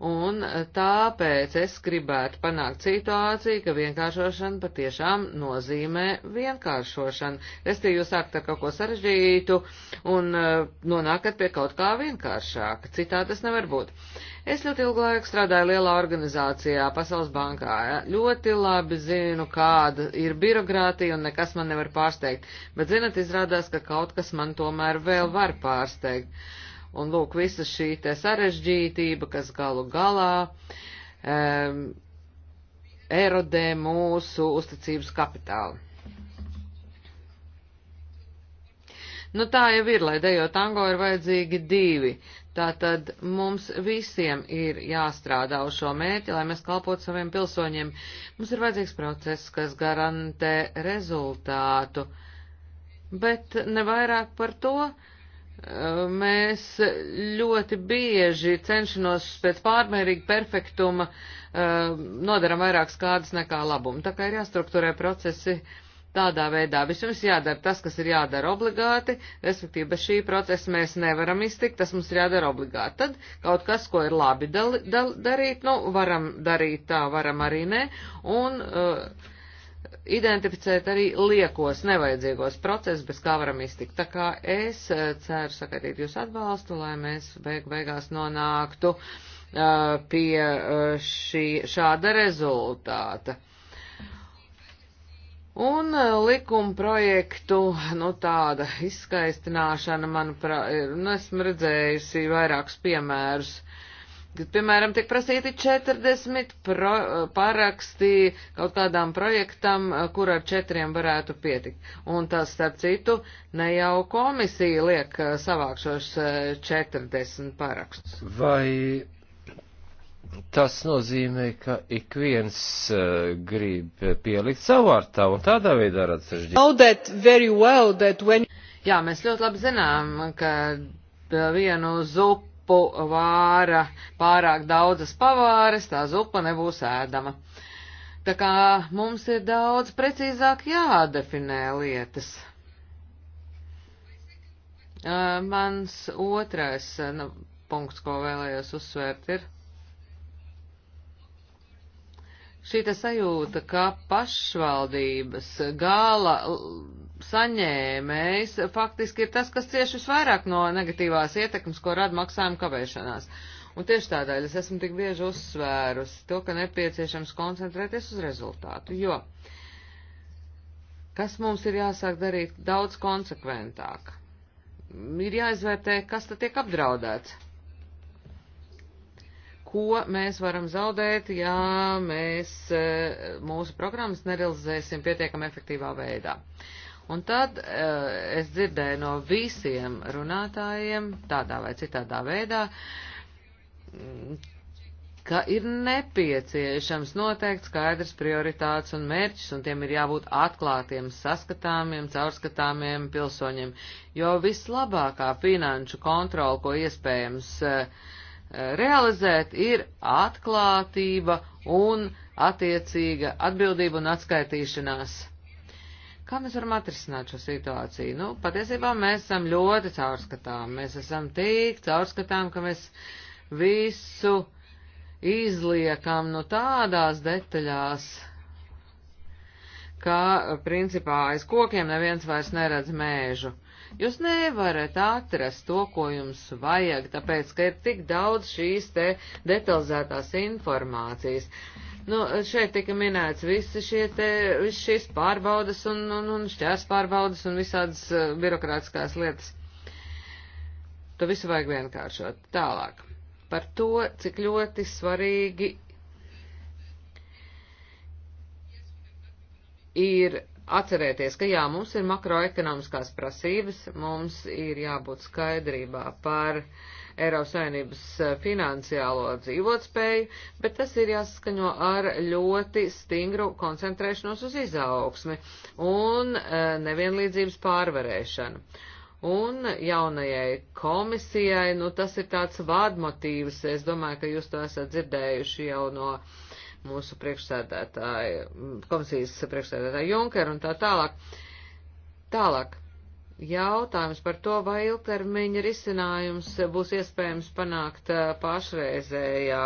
Un tāpēc es gribētu panākt situāciju, ka vienkāršošana patiešām nozīmē vienkāršošanu. Restīvi jūs sākat ar kaut ko sarežģītu un eh, nonākat pie kaut kā vienkāršāka. Citā tas nevar būt. Es ļoti ilgu laiku strādāju lielā organizācijā, Pasaules bankā. Ja? Ļoti labi zinu, kāda ir birokrātija un nekas man nevar pārsteigt. Bet, zinat, izrādās, ka kaut kas man tomēr vēl var pārsteigt. Uh, Un lūk, visa šī te sarežģītība, kas galu galā um, erodē mūsu uzticības kapitālu. Nu tā jau ir, lai dejo tango ir vajadzīgi divi. Tātad mums visiem ir jāstrādā uz šo mērķi, lai mēs kalpotu saviem pilsoņiem. Mums ir vajadzīgs process, kas garantē rezultātu. Bet ne vairāk par to, uh, Mēs ļoti bieži cenšanos pēc pārmērīga perfektuma eh, nodaram vairāk skādas nekā labumu. Tā kā ir jāstrukturē procesi tādā veidā. Vispirms jādara tas, kas ir jādara obligāti, respektīvi bez šī procesa mēs nevaram iztikt, tas mums ir jādara obligāti. Tad kaut kas, ko ir labi dal, dal, darīt, nu, varam darīt tā, varam arī nē, un uh, identificēt arī liekos, nevajadzīgos procesus, bez kā varam iztikt. Tā kā es eh, ceru sagaidīt jūs atbalstu, lai mēs beig beigās nonāktu eh, pie eh, šī, šāda rezultāta. Un likuma projektu, nu tāda izskaistināšana, manuprāt, nu esmu redzējusi vairākus piemērus. Uh, Kad, piemēram, tiek prasīti 40 pro, paraksti kaut kādām projektam, eh, kur ar četriem varētu pietikt. Un tas, starp citu, ne jau komisija liek eh, savākt šos 40 eh, parakstus. Vai tas nozīmē, ka ik viens uh, grib pielikt savu ar tavu un tādā veidā rad sažģītību? Well when... Jā, mēs ļoti labi zinām, ka vienu zupu upu vāra pārāk daudzas pavāres, tā zupa nebūs ēdama. Tā kā mums ir daudz precīzāk jādefinē lietas. Mans otrais nu, punkts, ko vēlējos uzsvērt, ir šī sajūta, ka pašvaldības gala saņēmējs faktiski ir tas, kas cieši visvairāk no negatīvās ietekmes, ko rada maksājuma kavēšanās. Un tieši tādēļ es esmu tik bieži uzsvērusi to, ka nepieciešams koncentrēties uz rezultātu, jo kas mums ir jāsāk darīt daudz konsekventāk? Ir jāizvērtē, kas tad tiek apdraudēts. Ko mēs varam zaudēt, ja mēs eh, mūsu programmas nerealizēsim pietiekam efektīvā veidā. Uh, Un tad eh, es dzirdēju no visiem runātājiem, tādā vai citādā veidā, ka ir nepieciešams noteikt skaidrs prioritātes un mērķis, un tiem ir jābūt atklātiem, saskatāmiem, caurskatāmiem pilsoņiem, jo vislabākā finanšu kontrola, ko iespējams eh, realizēt, ir atklātība un attiecīga atbildība un atskaitīšanās. Kā mēs varam atrisināt šo situāciju? Nu, patiesībā mēs esam ļoti caurskatām. Mēs esam tik caurskatām, ka mēs visu izliekam no tādās detaļās, ka, principā, aiz kokiem neviens vairs neredz mēžu. Jūs nevarat atrast to, ko jums vajag, tāpēc, ka ir tik daudz šīs te detalizētās informācijas. Uh, Nu, šeit tika minēts visi šie te, viss šīs pārbaudas un, un, un šķērs pārbaudas un visādas uh, birokrātiskās lietas. To visu vajag vienkāršot. Tālāk. Par to, cik ļoti svarīgi ir atcerēties, ka jā, mums ir makroekonomiskās prasības, mums ir jābūt skaidrībā par uh, Eiropas Savienības e, finansiālo dzīvotspēju, bet tas ir jāsaskaņo ar ļoti stingru koncentrēšanos uz izaugsmi un e, nevienlīdzības pārvarēšanu. Un jaunajai komisijai, nu tas ir tāds vādmotīvs, es domāju, ka jūs to esat dzirdējuši jau no mūsu priekšsēdētāja, komisijas priekšsēdētāja Junker un tā tālāk. Tālāk Jautājums par to, vai ilgtermiņa risinājums būs iespējams panākt pašreizējā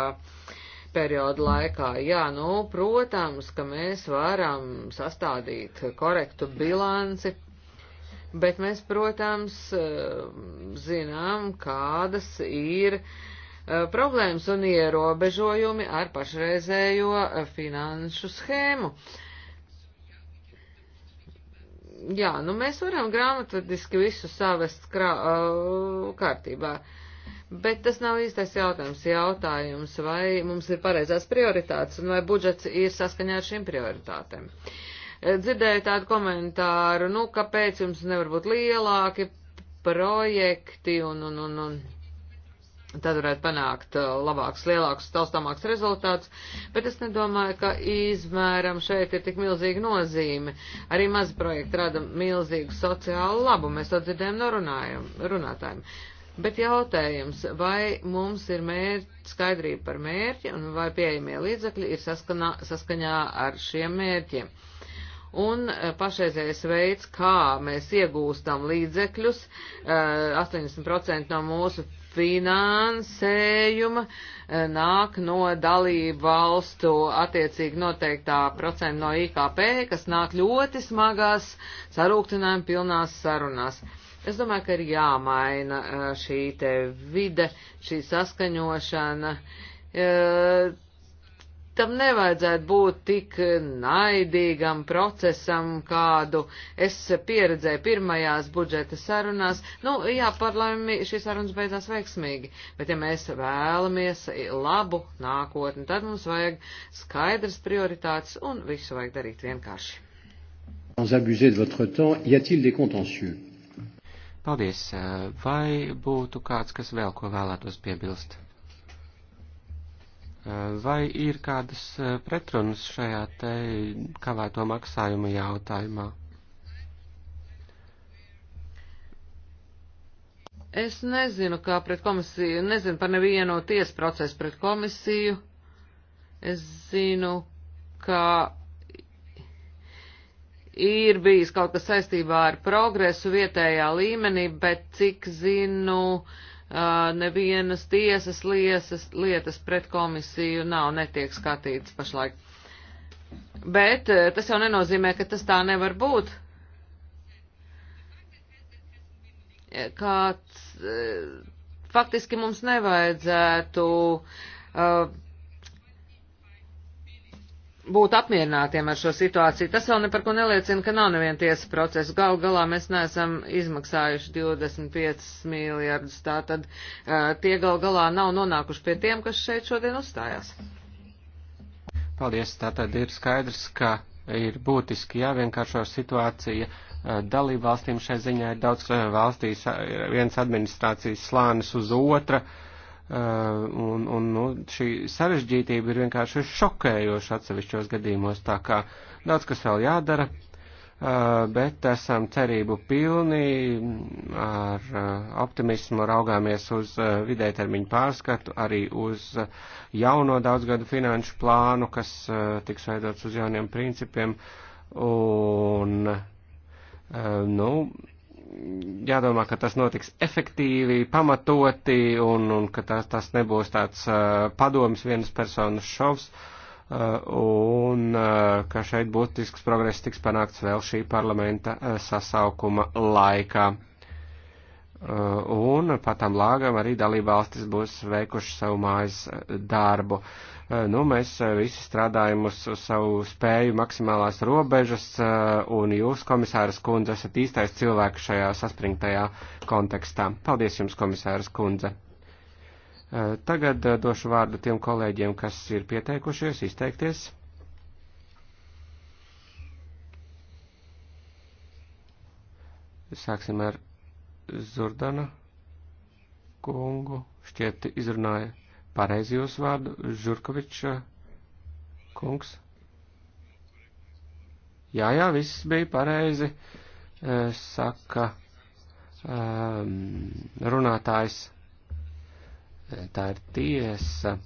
perioda laikā. Jā, nu, protams, ka mēs varam sastādīt korektu bilanci, bet mēs, protams, zinām, kādas ir problēmas un ierobežojumi ar pašreizējo finanšu schēmu. Uh, jā, nu mēs varam grāmatvediski visu savest krā, kārtībā, bet tas nav īstais jautājums. Jautājums, vai mums ir pareizās prioritātes un vai budžets ir saskaņā ar šīm prioritātēm. Dzirdēju tādu komentāru, nu, kāpēc jums nevar būt lielāki projekti un, un, un, un tad varētu panākt uh, labāks, lielāks, taustāmāks rezultāts, bet es nedomāju, ka izmēram šeit ir tik milzīga nozīme. Arī mazi projekti rada milzīgu sociālu labu, mēs to dzirdējam no runātājiem. Bet jautājums, vai mums ir mērķi, skaidrība par mērķi un vai pieejamie līdzekļi ir saskanā, saskaņā ar šiem mērķiem? un uh, pašreizējais veids, kā mēs iegūstam līdzekļus, uh, 80% no mūsu finansējuma eh, nāk no dalību valstu attiecīgi noteiktā procenta no IKP, kas nāk ļoti smagās sarūktinājuma pilnās sarunās. Es domāju, ka ir jāmaina eh, šī te vide, šī saskaņošana eh, tam nevajadzētu būt tik naidīgam procesam, kādu es pieredzēju pirmajās budžeta sarunās. Nu, jā, parlami šīs sarunas beidzās veiksmīgi, bet ja mēs vēlamies labu nākotni, tad mums vajag skaidrs prioritātes un visu vajag darīt vienkārši. Paldies. Vai būtu kāds, kas vēl ko vēlētos piebilst? Vai ir kādas eh, pretrunas šajā te kavēto maksājumu jautājumā? Es nezinu, kā pret komisiju, nezinu par nevienu tiesu procesu pret komisiju. Es zinu, ka ir bijis kaut kas saistībā ar progresu vietējā līmenī, bet cik zinu, uh, nevienas tiesas liesas, lietas pret komisiju nav, netiek skatītas pašlaik. Bet tas jau nenozīmē, ka tas tā nevar būt. Kāds, faktiski mums nevajadzētu uh, būt apmierinātiem ar šo situāciju. Tas vēl ne par ko neliecina, ka nav neviena tiesa procesa. Gal galā mēs neesam izmaksājuši 25 miljardus, tātad uh, tie gal galā nav nonākuši pie tiem, kas šeit šodien uzstājās. Paldies, tātad ir skaidrs, ka ir būtiski jāvienkāršo situācija. Dalību valstīm šai ziņā ir daudz valstīs viens administrācijas slānis uz otra. Uh, Eh, un, un nu, šī sarežģītība ir vienkārši šokējoša atsevišķos gadījumos, tā kā daudz kas vēl jādara, eh, bet esam cerību pilni, ar eh, optimismu raugāmies uz vidētermiņu pārskatu, arī uz jauno daudzgadu finanšu plānu, kas tiks veidots uz jauniem principiem, un, nu, jādomā, ka tas notiks efektīvi, pamatoti un, un ka tas, tas nebūs tāds uh, padomis vienas personas šovs uh, un uh, ka šeit būtisks progress tiks panākts vēl šī parlamenta uh, sasaukuma laikā. Uh, un patam lāgam arī dalībvalstis būs veikuši savu mājas darbu. Uh, Eh, nu, mēs eh, visi strādājam uz, uz savu spēju maksimālās robežas, eh, un jūs, komisāras kundze, esat īstais cilvēks šajā saspringtajā kontekstā. Paldies jums, komisāras kundze! Tagad došu vārdu tiem kolēģiem, kas ir pieteikušies izteikties. Sāksim ar Zurdana kungu. Šķiet, izrunāja pareizi jūsu vārdu, Žurkoviča kungs? Jā, jā, viss bija pareizi, e, saka um, runātājs. E, tā ir tiesa.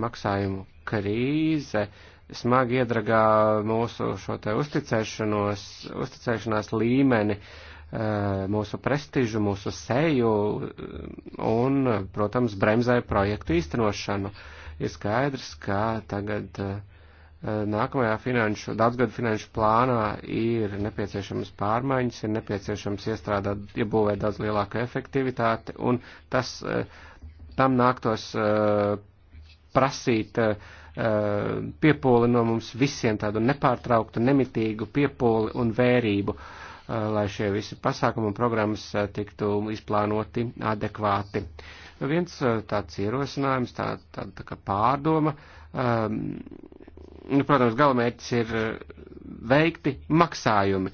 Maksājumu krīze smagi iedragā mūsu šo te uzticēšanos, uzticēšanās līmeni. Uh, Eh, mūsu prestižu, mūsu seju eh, un, protams, bremzē projektu īstenošanu. Ir skaidrs, ka tagad eh, nākamajā finanšu, daudzgadu finanšu plānā ir nepieciešamas pārmaiņas, ir nepieciešams iestrādāt, iebūvēt daudz lielāku efektivitāti, un tas tam nāktos prasīt piepūli no mums visiem tādu nepārtrauktu, nemitīgu piepūli un vērību. Uh, Eh, lai šie visi pasākumi un programmas eh, tiktu izplānoti adekvāti. Viens eh, tāds ierosinājums, tā, tā, tā kā pārdoma, ehm, nu, protams, galamērķis ir veikti maksājumi,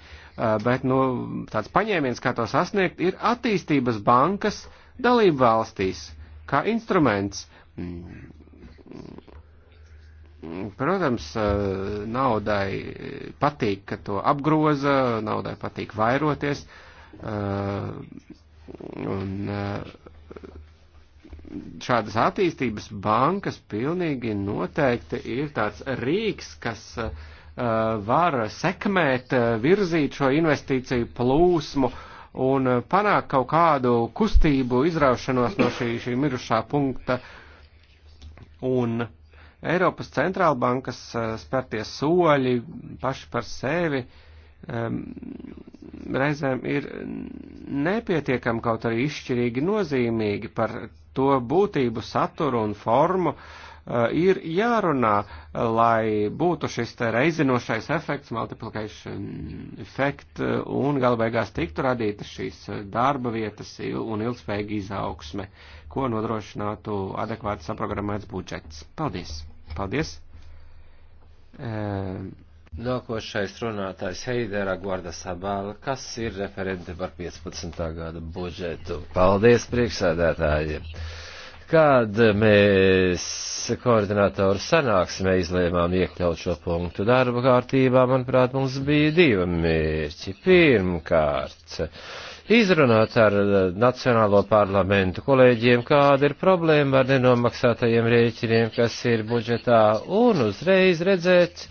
bet nu, tāds paņēmiens, kā to sasniegt, ir attīstības bankas dalību valstīs kā instruments mm. Protams, naudai patīk, ka to apgroza, naudai patīk vairoties. Un šādas attīstības bankas pilnīgi noteikti ir tāds rīks, kas var sekmēt, virzīt šo investīciju plūsmu un panākt kaut kādu kustību, izraušanos no šī, šī mirušā punkta. Un Eiropas centrālbankas eh, spērtie soļi paši par sevi um, reizēm ir nepietiekami, kaut arī izšķirīgi nozīmīgi par to būtību, saturu un formu uh, ir jārunā, lai būtu šis te reizinošais efekts, multiplication efekt, eh, un galu beigās tiktu radītas šīs darba vietas un ilgspējīga izaugsme, ko nodrošinātu adekvāti saprogrammēts budžets. Paldies! Paldies! Nākošais runātājs Heidera Guarda Sabala, kas ir referente par 15. gada budžetu. Paldies, priekšsēdētāji! Kad mēs koordinatoru sanāksmē izlēmām iekļaut šo punktu darba kārtībā, manuprāt, mums bija divi mērķi. Pirmkārt, uh, izrunāt ar eh, Nacionālo parlamentu kolēģiem, kāda ir problēma ar nenomaksātajiem rēķiniem, kas ir budžetā, un uzreiz redzēt,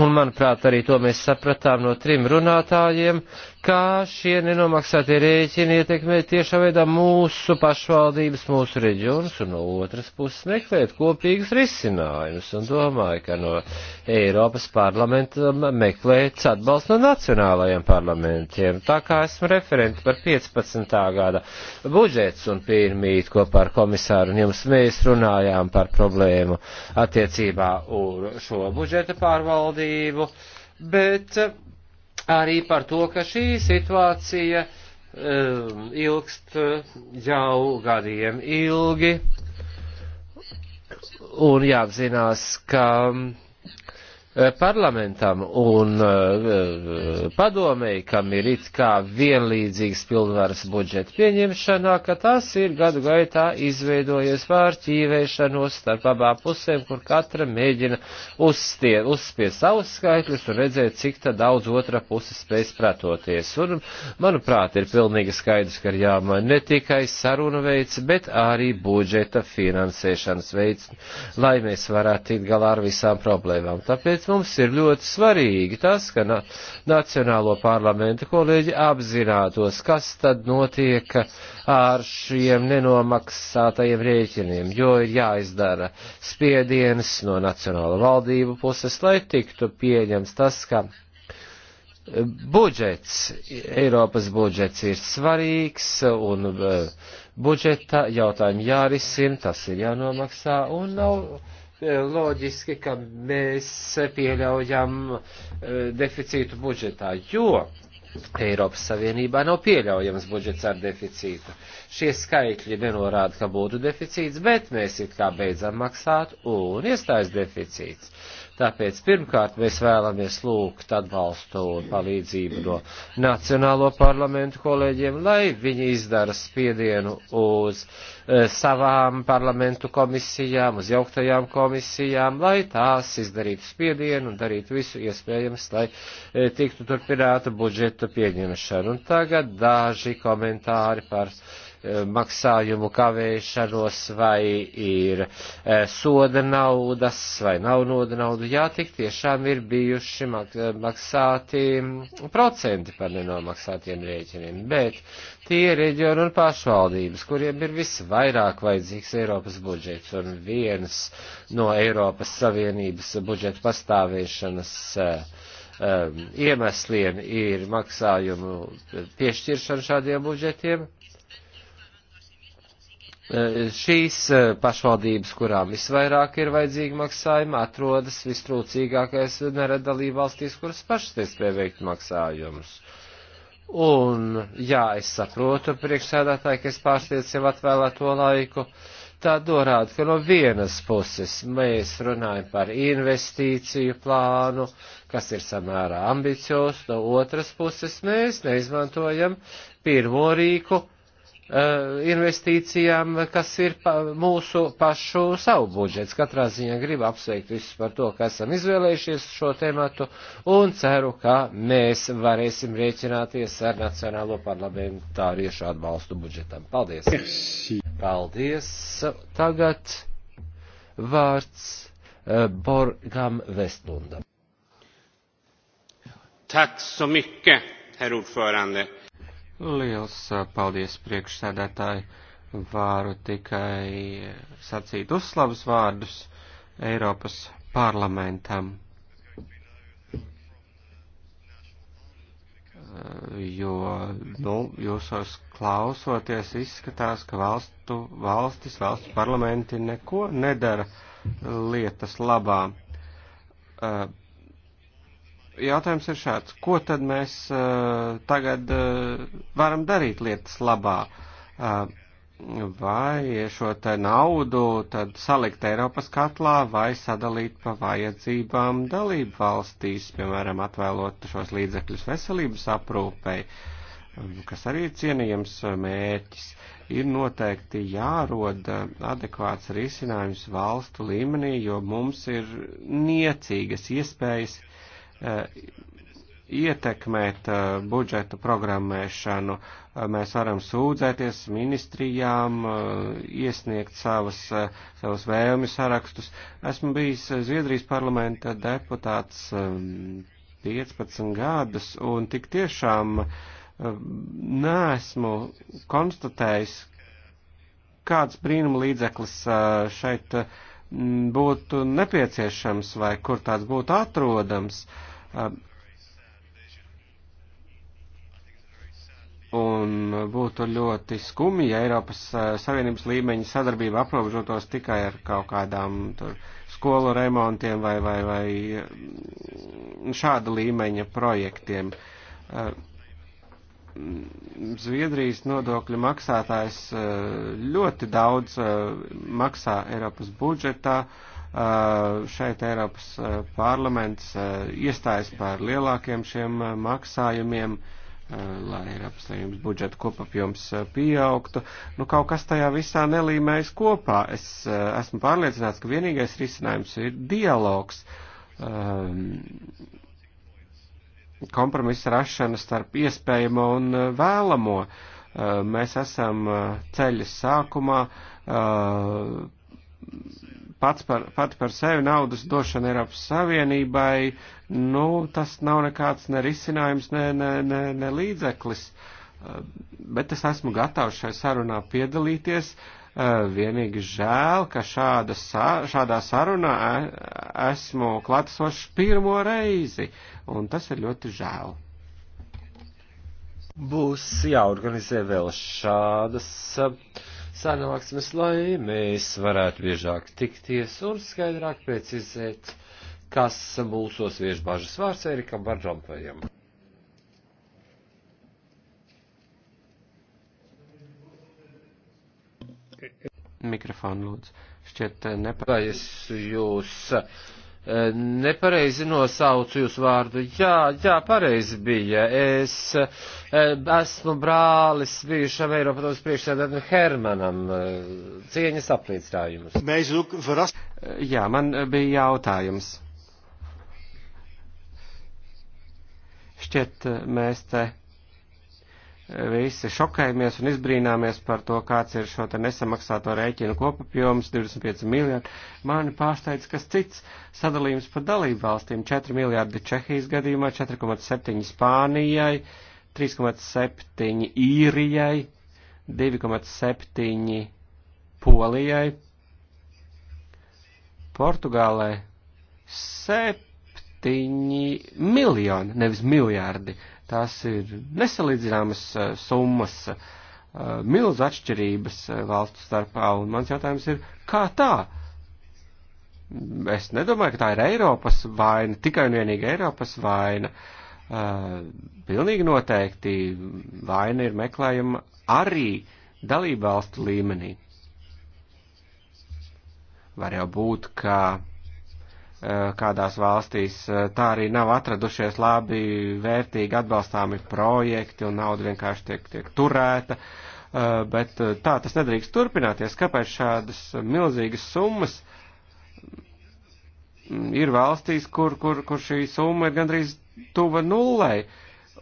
un manuprāt, arī to mēs sapratām no trim runātājiem, uh, kā šie nenomaksātie rēķini ietekmē tiešā veidā mūsu pašvaldības, mūsu reģionus, un no otras puses meklēt kopīgus risinājumus, un domāju, ka no Eiropas parlamenta meklēt atbalstu no nacionālajiem parlamentiem. Tā kā esmu referenti par 15. gada budžets un pirmīt kopā ar komisāru, un jums mēs runājām par problēmu attiecībā uz šo budžeta pārvaldību, bet arī par to, ka šī situācija um, ilgst uh, jau gadiem ilgi un jāapzinās, ka um, Eh, parlamentam un eh, eh, padomēji, kam ir it kā vienlīdzīgs pilnvaras budžeta pieņemšanā, ka tas ir gadu gaitā izveidojies pārķīvēšanos starp abām pusēm, kur katra mēģina uzstie, uzspies savus skaitļus un redzēt, cik daudz otra puse spēj pratoties. Un, manuprāt, ir pilnīgi skaidrs, ka ir jāmaina ne tikai sarunu veids, bet arī budžeta finansēšanas veids, lai mēs varētu tikt galā ar visām problēmām. Tāpēc Tāpēc mums ir ļoti svarīgi tas, ka na Nacionālo parlamentu kolēģi apzinātos, kas tad notiek ar šiem nenomaksātajiem rēķiniem, jo ir jāizdara spiediens no Nacionālo valdību puses, lai tiktu pieņems tas, ka budžets, Eiropas budžets ir svarīgs un e, budžeta jautājumi jārisina, tas ir jānomaksā un nav loģiski, ka mēs pieļaujam e, deficītu budžetā, jo Eiropas Savienībā nav pieļaujams budžets ar deficītu. Šie skaitļi nenorāda, ka būtu deficīts, bet mēs it kā beidzam maksāt un iestājas deficīts. Uh, Tāpēc pirmkārt mēs vēlamies lūgt atbalstu un palīdzību no Nacionālo parlamentu kolēģiem, lai viņi izdara spiedienu uz e, savām parlamentu komisijām, uz jauktajām komisijām, lai tās izdarītu spiedienu un darītu visu iespējams, lai e, tiktu turpināta budžeta pieņemšana. Un tagad daži komentāri par. E, Eh, maksājumu kavēšanos, vai ir eh, soda naudas, vai nav noda naudu. Jā, tik tiešām ir bijuši maksāti procenti par nenomaksātiem rēķiniem, bet tie reģioni un pašvaldības, kuriem ir visvairāk vajadzīgs Eiropas budžets un viens no Eiropas Savienības budžeta pastāvēšanas um, iemesliem ir maksājumu piešķiršana šādiem budžetiem Eh, šīs eh, pašvaldības, kurām visvairāk ir vajadzīgi maksājumi, atrodas vistrūcīgākais neredalība valstīs, kuras pašas nespēja veikt maksājumus. Un, jā, es saprotu priekšsēdētāji, ka es pārsniedzu jau atvēlēto laiku, tā norāda, ka no vienas puses mēs runājam par investīciju plānu, kas ir samērā ambicios, no otras puses mēs neizmantojam pirmo rīku, Eh, investīcijām, kas ir pa, mūsu pašu savu budžets. Katrā ziņā gribu apsveikt visus par to, ka esam izvēlējušies šo tematu un ceru, ka mēs varēsim rēķināties ar Nacionālo parlamentāriešu atbalstu budžetam. Paldies! Paldies! Tagad vārds eh, Borgam Vestlundam. Tack så mycket, herr ordförande. Liels paldies priekšsēdētāji. Vāru tikai sacīt uzslavas vārdus Eiropas parlamentam. Jo, nu, jūsos klausoties izskatās, ka valstu, valstis, valstu parlamenti neko nedara lietas labā jautājums ir šāds. Ko tad mēs uh, tagad uh, varam darīt lietas labā? Uh, vai šo te naudu tad salikt Eiropas katlā vai sadalīt pa vajadzībām dalību valstīs, piemēram, atvēlot šos līdzekļus veselības aprūpei, kas arī ir cienījams mērķis. Ir noteikti jārod adekvāts risinājums valstu līmenī, jo mums ir niecīgas iespējas Uh, ietekmēt uh, budžeta programmēšanu. Uh, mēs varam sūdzēties ministrijām, iesniegt savas, savas vēlmi sarakstus. Esmu bijis Zviedrijas parlamenta deputāts 15 um, gadus un tik tiešām neesmu konstatējis, kāds brīnuma līdzeklis šeit būtu nepieciešams vai kur tāds būtu atrodams. Uh, Un būtu ļoti skumji, ja Eiropas Savienības līmeņa sadarbība aprobežotos tikai ar kaut kādām tur, skolu remontiem vai, vai, vai šāda līmeņa projektiem. Zviedrijas nodokļu maksātājs ļoti daudz maksā Eiropas budžetā. Uh, šeit Eiropas parlaments iestājas par lielākiem šiem maksājumiem, lai Eiropas Savienības budžeta kopapjoms pieaugtu. Nu, kaut kas tajā visā nelīmējas kopā. Es esmu pārliecināts, ka vienīgais risinājums ir dialogs. Um, kompromisa rašana starp iespējamo un vēlamo. Mēs esam ceļa sākumā pats par, pat par sevi naudas došana Eiropas Savienībai, nu, tas nav nekāds ne risinājums, ne, ne, ne, ne līdzeklis. Eh, bet es esmu gatavs šai sarunā piedalīties. Eh, vienīgi žēl, ka šāda, šādā sarunā eh, esmu klātesošs pirmo reizi, un tas ir ļoti žēl. Būs jāorganizē vēl šādas uh, sanāksmes, lai mēs varētu biežāk tikties un skaidrāk precizēt, kas mūsos vieš bažas vārds Erikam Barģampajam. Mikrofonu lūdzu. Šķiet, nepārāk. Vai es jūs. Uh, E, nepareizi nosaucu jūsu vārdu. Jā, jā, pareizi bija. Es e, esmu brālis bijušam Eiropas priekšsēdētājam Hermanam. E, cieņas apliecinājumus. Jā, man bija jautājums. Šķiet, mēs te visi šokējamies un izbrīnāmies par to, kāds ir šo te nesamaksāto rēķinu kopapjoms - 25 miljardi. Mani pārsteidz, kas cits sadalījums pa dalību valstīm - 4 miljardi Čehijas gadījumā, 4,7 Spānijai, 3,7 Īrijai, 2,7 Polijai, Portugālē 7 miljoni, nevis miljardi Tās ir nesalīdzināmas eh, summas, eh, milzu atšķirības eh, valstu starpā, un mans jautājums ir, kā tā? Es nedomāju, ka tā ir Eiropas vaina, tikai un vienīgi Eiropas vaina. Pilnīgi noteikti vaina ir meklējama arī dalību valstu līmenī. Var jau būt, ka Eh, kādās valstīs. Eh, tā arī nav atradušies labi, vērtīgi atbalstāmi projekti un nauda vienkārši tiek, tiek turēta. Eh, bet tā tas nedrīkst turpināties. Kāpēc šādas milzīgas summas mm, ir valstīs, kur, kur, kur šī summa ir gandrīz tuva nullei?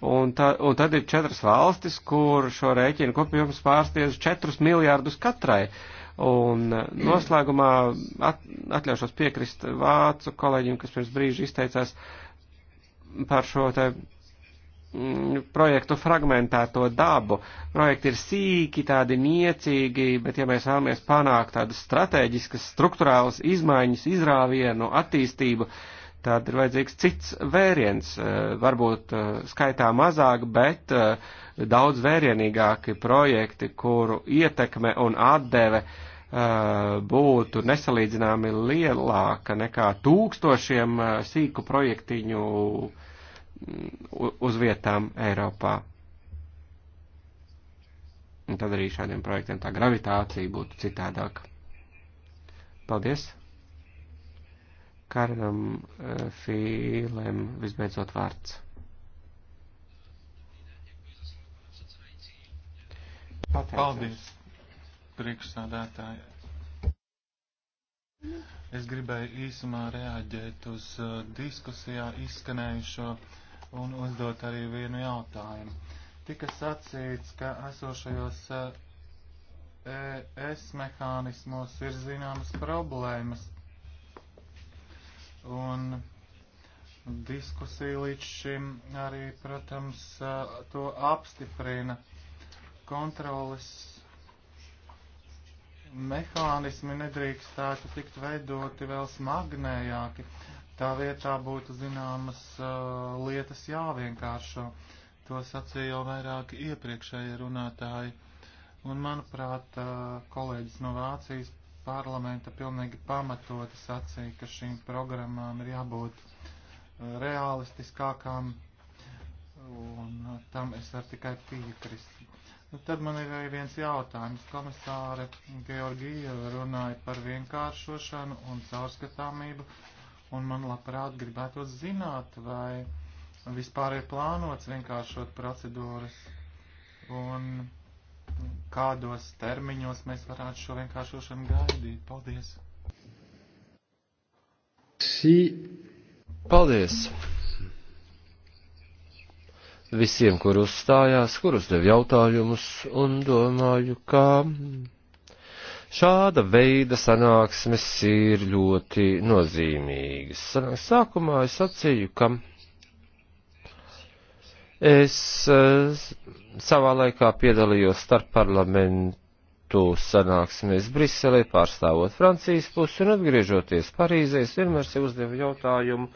Un, tā, un tad ir četras valstis, kur šo rēķinu kopjums pārstiedz 4 miljārdus katrai. Uh, Un eh, noslēgumā at, atļaušos piekrist vācu kolēģim, kas pirms brīža izteicās par šo te mm, projektu fragmentēto dabu. Projekti ir sīki, tādi niecīgi, bet ja mēs vēlamies panākt tādas strateģiskas, struktūrālas izmaiņas, izrāvienu, attīstību, tad ir vajadzīgs cits vēriens, eh, varbūt eh, skaitā mazāk, bet daudz vērienīgāki projekti, kuru ietekme un atdeve uh, būtu nesalīdzināmi lielāka nekā tūkstošiem sīku projektiņu uz vietām Eiropā. Un tad arī šādiem projektiem tā gravitācija būtu citādāka. Paldies! Karinam Fīlēm visbeidzot vārds. Pateicis. Paldies! priekšsādātāji. Es gribēju īsumā reaģēt uz uh, diskusijā izskanējušo un uzdot arī vienu jautājumu. Tika sacīts, ka esošajos uh, ES mehānismos ir zināmas problēmas, un diskusija līdz šim arī, protams, uh, to apstiprina kontrolas mehānismi nedrīkstētu tikt veidoti vēl smagnējāki. Tā vietā būtu zināmas uh, lietas jāvienkāršo. To sacīja jau vairāki iepriekšēji runātāji. Un, manuprāt, uh, kolēģis no Vācijas parlamenta pilnīgi pamatoti sacīja, ka šīm programmām ir jābūt uh, realistiskākām, un uh, tam es varu tikai piekrist. Nu, tad man ir arī viens jautājums. Komisāre Georgija runāja par vienkāršošanu un caurskatāmību, un man labprāt gribētu zināt, vai vispār ir plānots vienkāršot procedūras, un kādos termiņos mēs varētu šo vienkāršošanu gaidīt. Paldies! Si. Paldies! visiem, kur uzstājās, kur uzdev jautājumus, un domāju, ka šāda veida sanāksmes ir ļoti nozīmīgas. Sanāks sākumā es sacīju, ka es eh, savā laikā piedalījos starp parlamentu sanāksmēs Briselē, pārstāvot Francijas pusi un atgriežoties Parīzēs, vienmēr sev uzdevu jautājumu,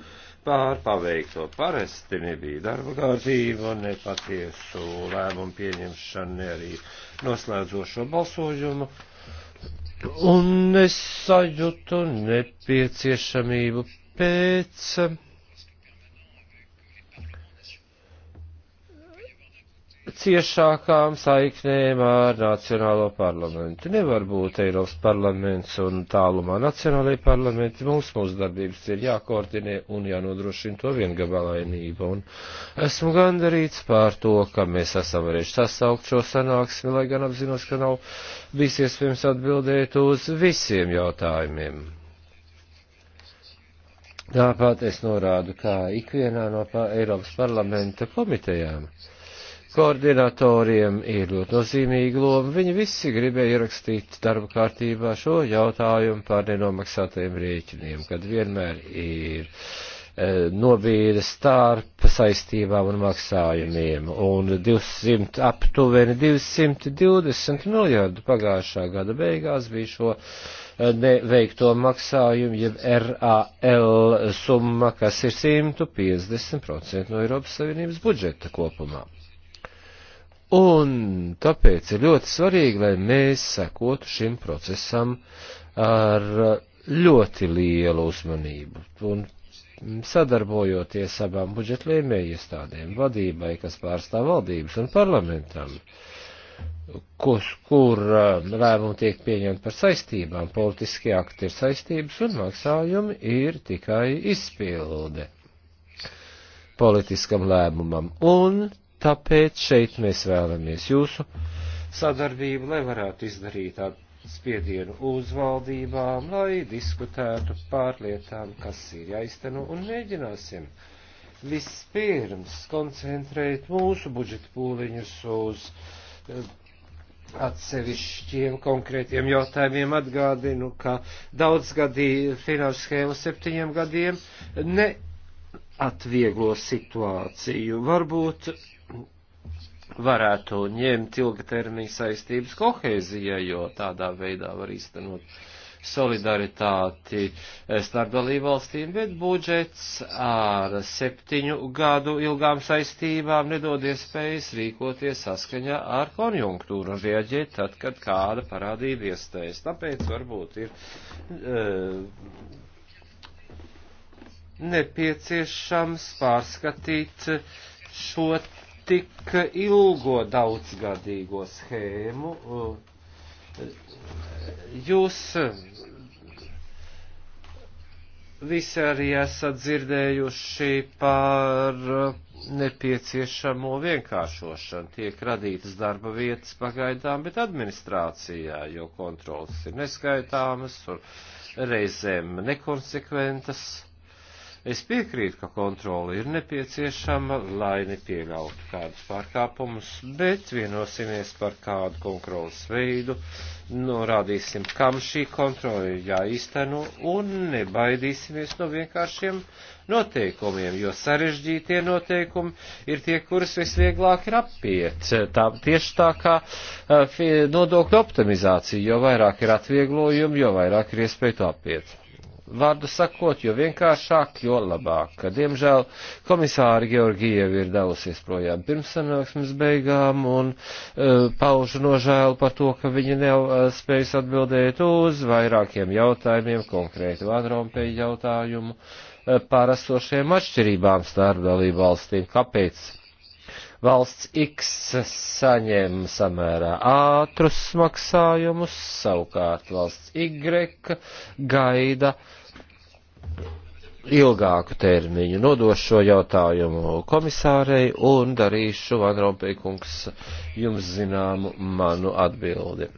par paveikto. Parasti nebija darba kārtība, ne patiesu lēmumu pieņemšana, ne arī noslēdzošo balsojumu. Un es sajūtu nepieciešamību pēc ciešākām saiknēm ar Nacionālo parlamentu. Nevar būt Eiropas parlaments un tālumā Nacionālajie parlamenti. Mums mūsu darbības ir jākoordinē un jānodrošina to viengabalainība. Un esmu gandarīts pār to, ka mēs esam varējuši sasaukt šo sanāksmi, lai gan apzinos, ka nav bijis iespējams atbildēt uz visiem jautājumiem. Tāpat es norādu, kā ikvienā no Eiropas parlamenta komitejām Koordinatoriem ir ļoti nozīmīga loma. Viņi visi gribēja ierakstīt darba kārtībā šo jautājumu par nenomaksātajiem rēķiniem, kad vienmēr ir e, nobīde starp saistībām un maksājumiem, un 200, aptuveni 220 miljardu pagājušā gada beigās bija šo e, neveikto maksājumu, jeb RAL summa, kas ir 150% no Eiropas Savienības budžeta kopumā. Un tāpēc ir ļoti svarīgi, lai mēs sekotu šim procesam ar ļoti lielu uzmanību un sadarbojoties abām budžetlēmēju iestādēm, vadībai, kas pārstāv valdības un parlamentam, kus, kur um, lēmumi tiek pieņemti par saistībām, politiskie akti ir saistības un maksājumi ir tikai izpilde politiskam lēmumam. Un Tāpēc šeit mēs vēlamies jūsu sadarbību, lai varētu izdarīt tādu spiedienu uz valdībām, lai diskutētu pār lietām, kas ir jāizteno, un mēģināsim vispirms koncentrēt mūsu budžeta pūliņus uz eh, atsevišķiem konkrētiem jautājumiem atgādinu, ka daudz gadīju finanšu schēmu septiņiem gadiem neatvieglo situāciju. Varbūt varētu ņemt ilgatermiņa saistības kohēzijai, jo tādā veidā var īstenot solidaritāti eh, starp dalībvalstīm, bet budžets ar septiņu gadu ilgām saistībām nedod iespējas rīkoties saskaņā ar konjunktūru un rieģēt tad, kad kāda parādība iestājas. Tāpēc varbūt ir e, nepieciešams pārskatīt šo tik ilgo daudzgadīgo schēmu. Jūs visi arī esat dzirdējuši par nepieciešamo vienkāršošanu. Tiek radītas darba vietas pagaidām, bet administrācijā, jo kontrolas ir neskaitāmas un reizēm nekonsekventas Es piekrītu, ka kontrola ir nepieciešama, lai nepieļautu kādus pārkāpumus, bet vienosimies par kādu kontrolas veidu, norādīsim, kam šī kontrola ir jāīsteno un nebaidīsimies no vienkāršiem noteikumiem, jo sarežģītie noteikumi ir tie, kurus visvieglāk ir apiet. Tā, tieši tā kā uh, nodokļu optimizācija, jo vairāk ir atvieglojumi, jo vairāk ir iespēju to apiet vārdu sakot, jo vienkāršāk, jo labāk. Diemžēl komisāri Georgievi ir devusies projām pirms sanāksmes beigām un uh, e, paužu nožēlu par to, ka viņi nav uh, spējis atbildēt uz vairākiem jautājumiem, konkrēti Vānrompēju jautājumu uh, par esošiem atšķirībām starp dalību valstīm. Kāpēc? valsts X saņem samērā ātrus maksājumus, savukārt valsts Y gaida uh, ilgāku termiņu. Nodošu šo jautājumu komisārei un darīšu, Van Rompēkungs, jums zināmu manu atbildi.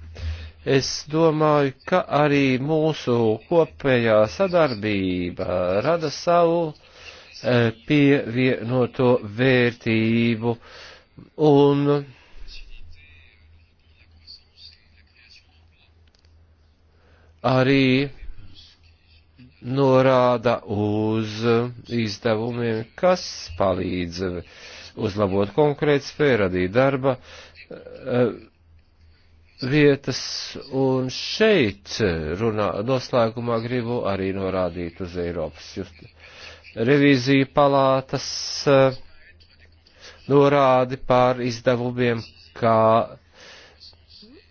Es domāju, ka arī mūsu kopējā sadarbība rada savu e, pievienoto vērtību un arī norāda uz izdevumiem, kas palīdz uzlabot konkurētspēju, radīt darba eh, vietas, un šeit runā, noslēgumā gribu arī norādīt uz Eiropas just, revīziju palātas eh, norādi pār izdevumiem, kā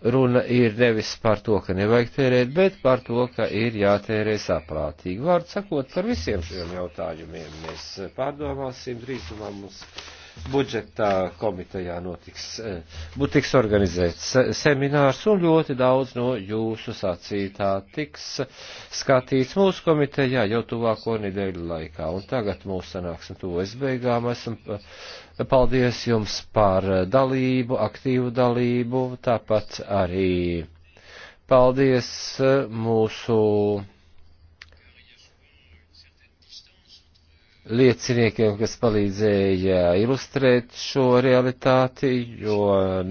runa ir nevis par to, ka nevajag tērēt, bet par to, ka ir jātērē saprātīgi. Vārdu sakot, par visiem šiem jautājumiem mēs pārdomāsim. Drīzumā mums budžetā komitejā notiks, būtiks eh, organizēts seminārs un ļoti daudz no jūsu sacītā tiks skatīts mūsu komitejā jau tuvāko nedēļu laikā. Un tagad mūsu sanāksim to es beigām esmu eh, Paldies jums par eh, dalību, aktīvu dalību, tāpat arī paldies eh, mūsu lieciniekiem, kas palīdzēja ilustrēt šo realitāti, jo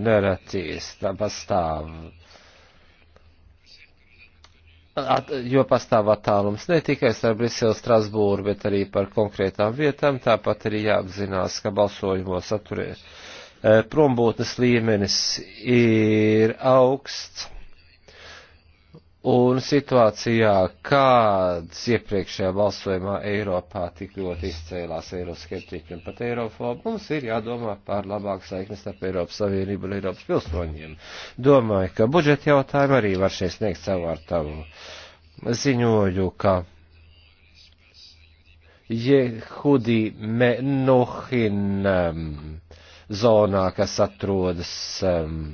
nereti pastāv At, jo pastāv attālums ne tikai ar Briselu Strasbūru, bet arī par konkrētām vietām, tāpat arī jāapzinās, ka balsojumos atturē eh, prombūtnes līmenis ir augsts, Un situācijā, kāds iepriekšējā balsojumā Eiropā tik ļoti izcēlās eiroskeptiķi un pat eirofobi, mums ir jādomā par labāku saikni starp Eiropas Savienību un Eiropas pilsoņiem. Domāju, ka budžeta jautājumi arī var šeit sniegt savu ar tavu ziņoju, ka Jehudi Menohin um, zonā, kas atrodas um,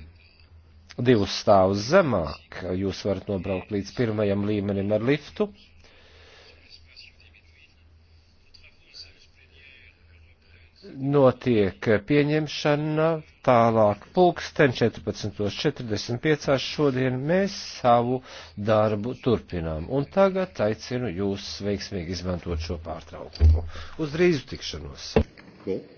divus stāvus zemāk. Jūs varat nobraukt līdz pirmajam līmenim ar liftu. Notiek pieņemšana tālāk pulksten 14.45. Šodien mēs savu darbu turpinām. Un tagad aicinu jūs veiksmīgi izmantot šo pārtraukumu. Uz drīzu tikšanos! Cool.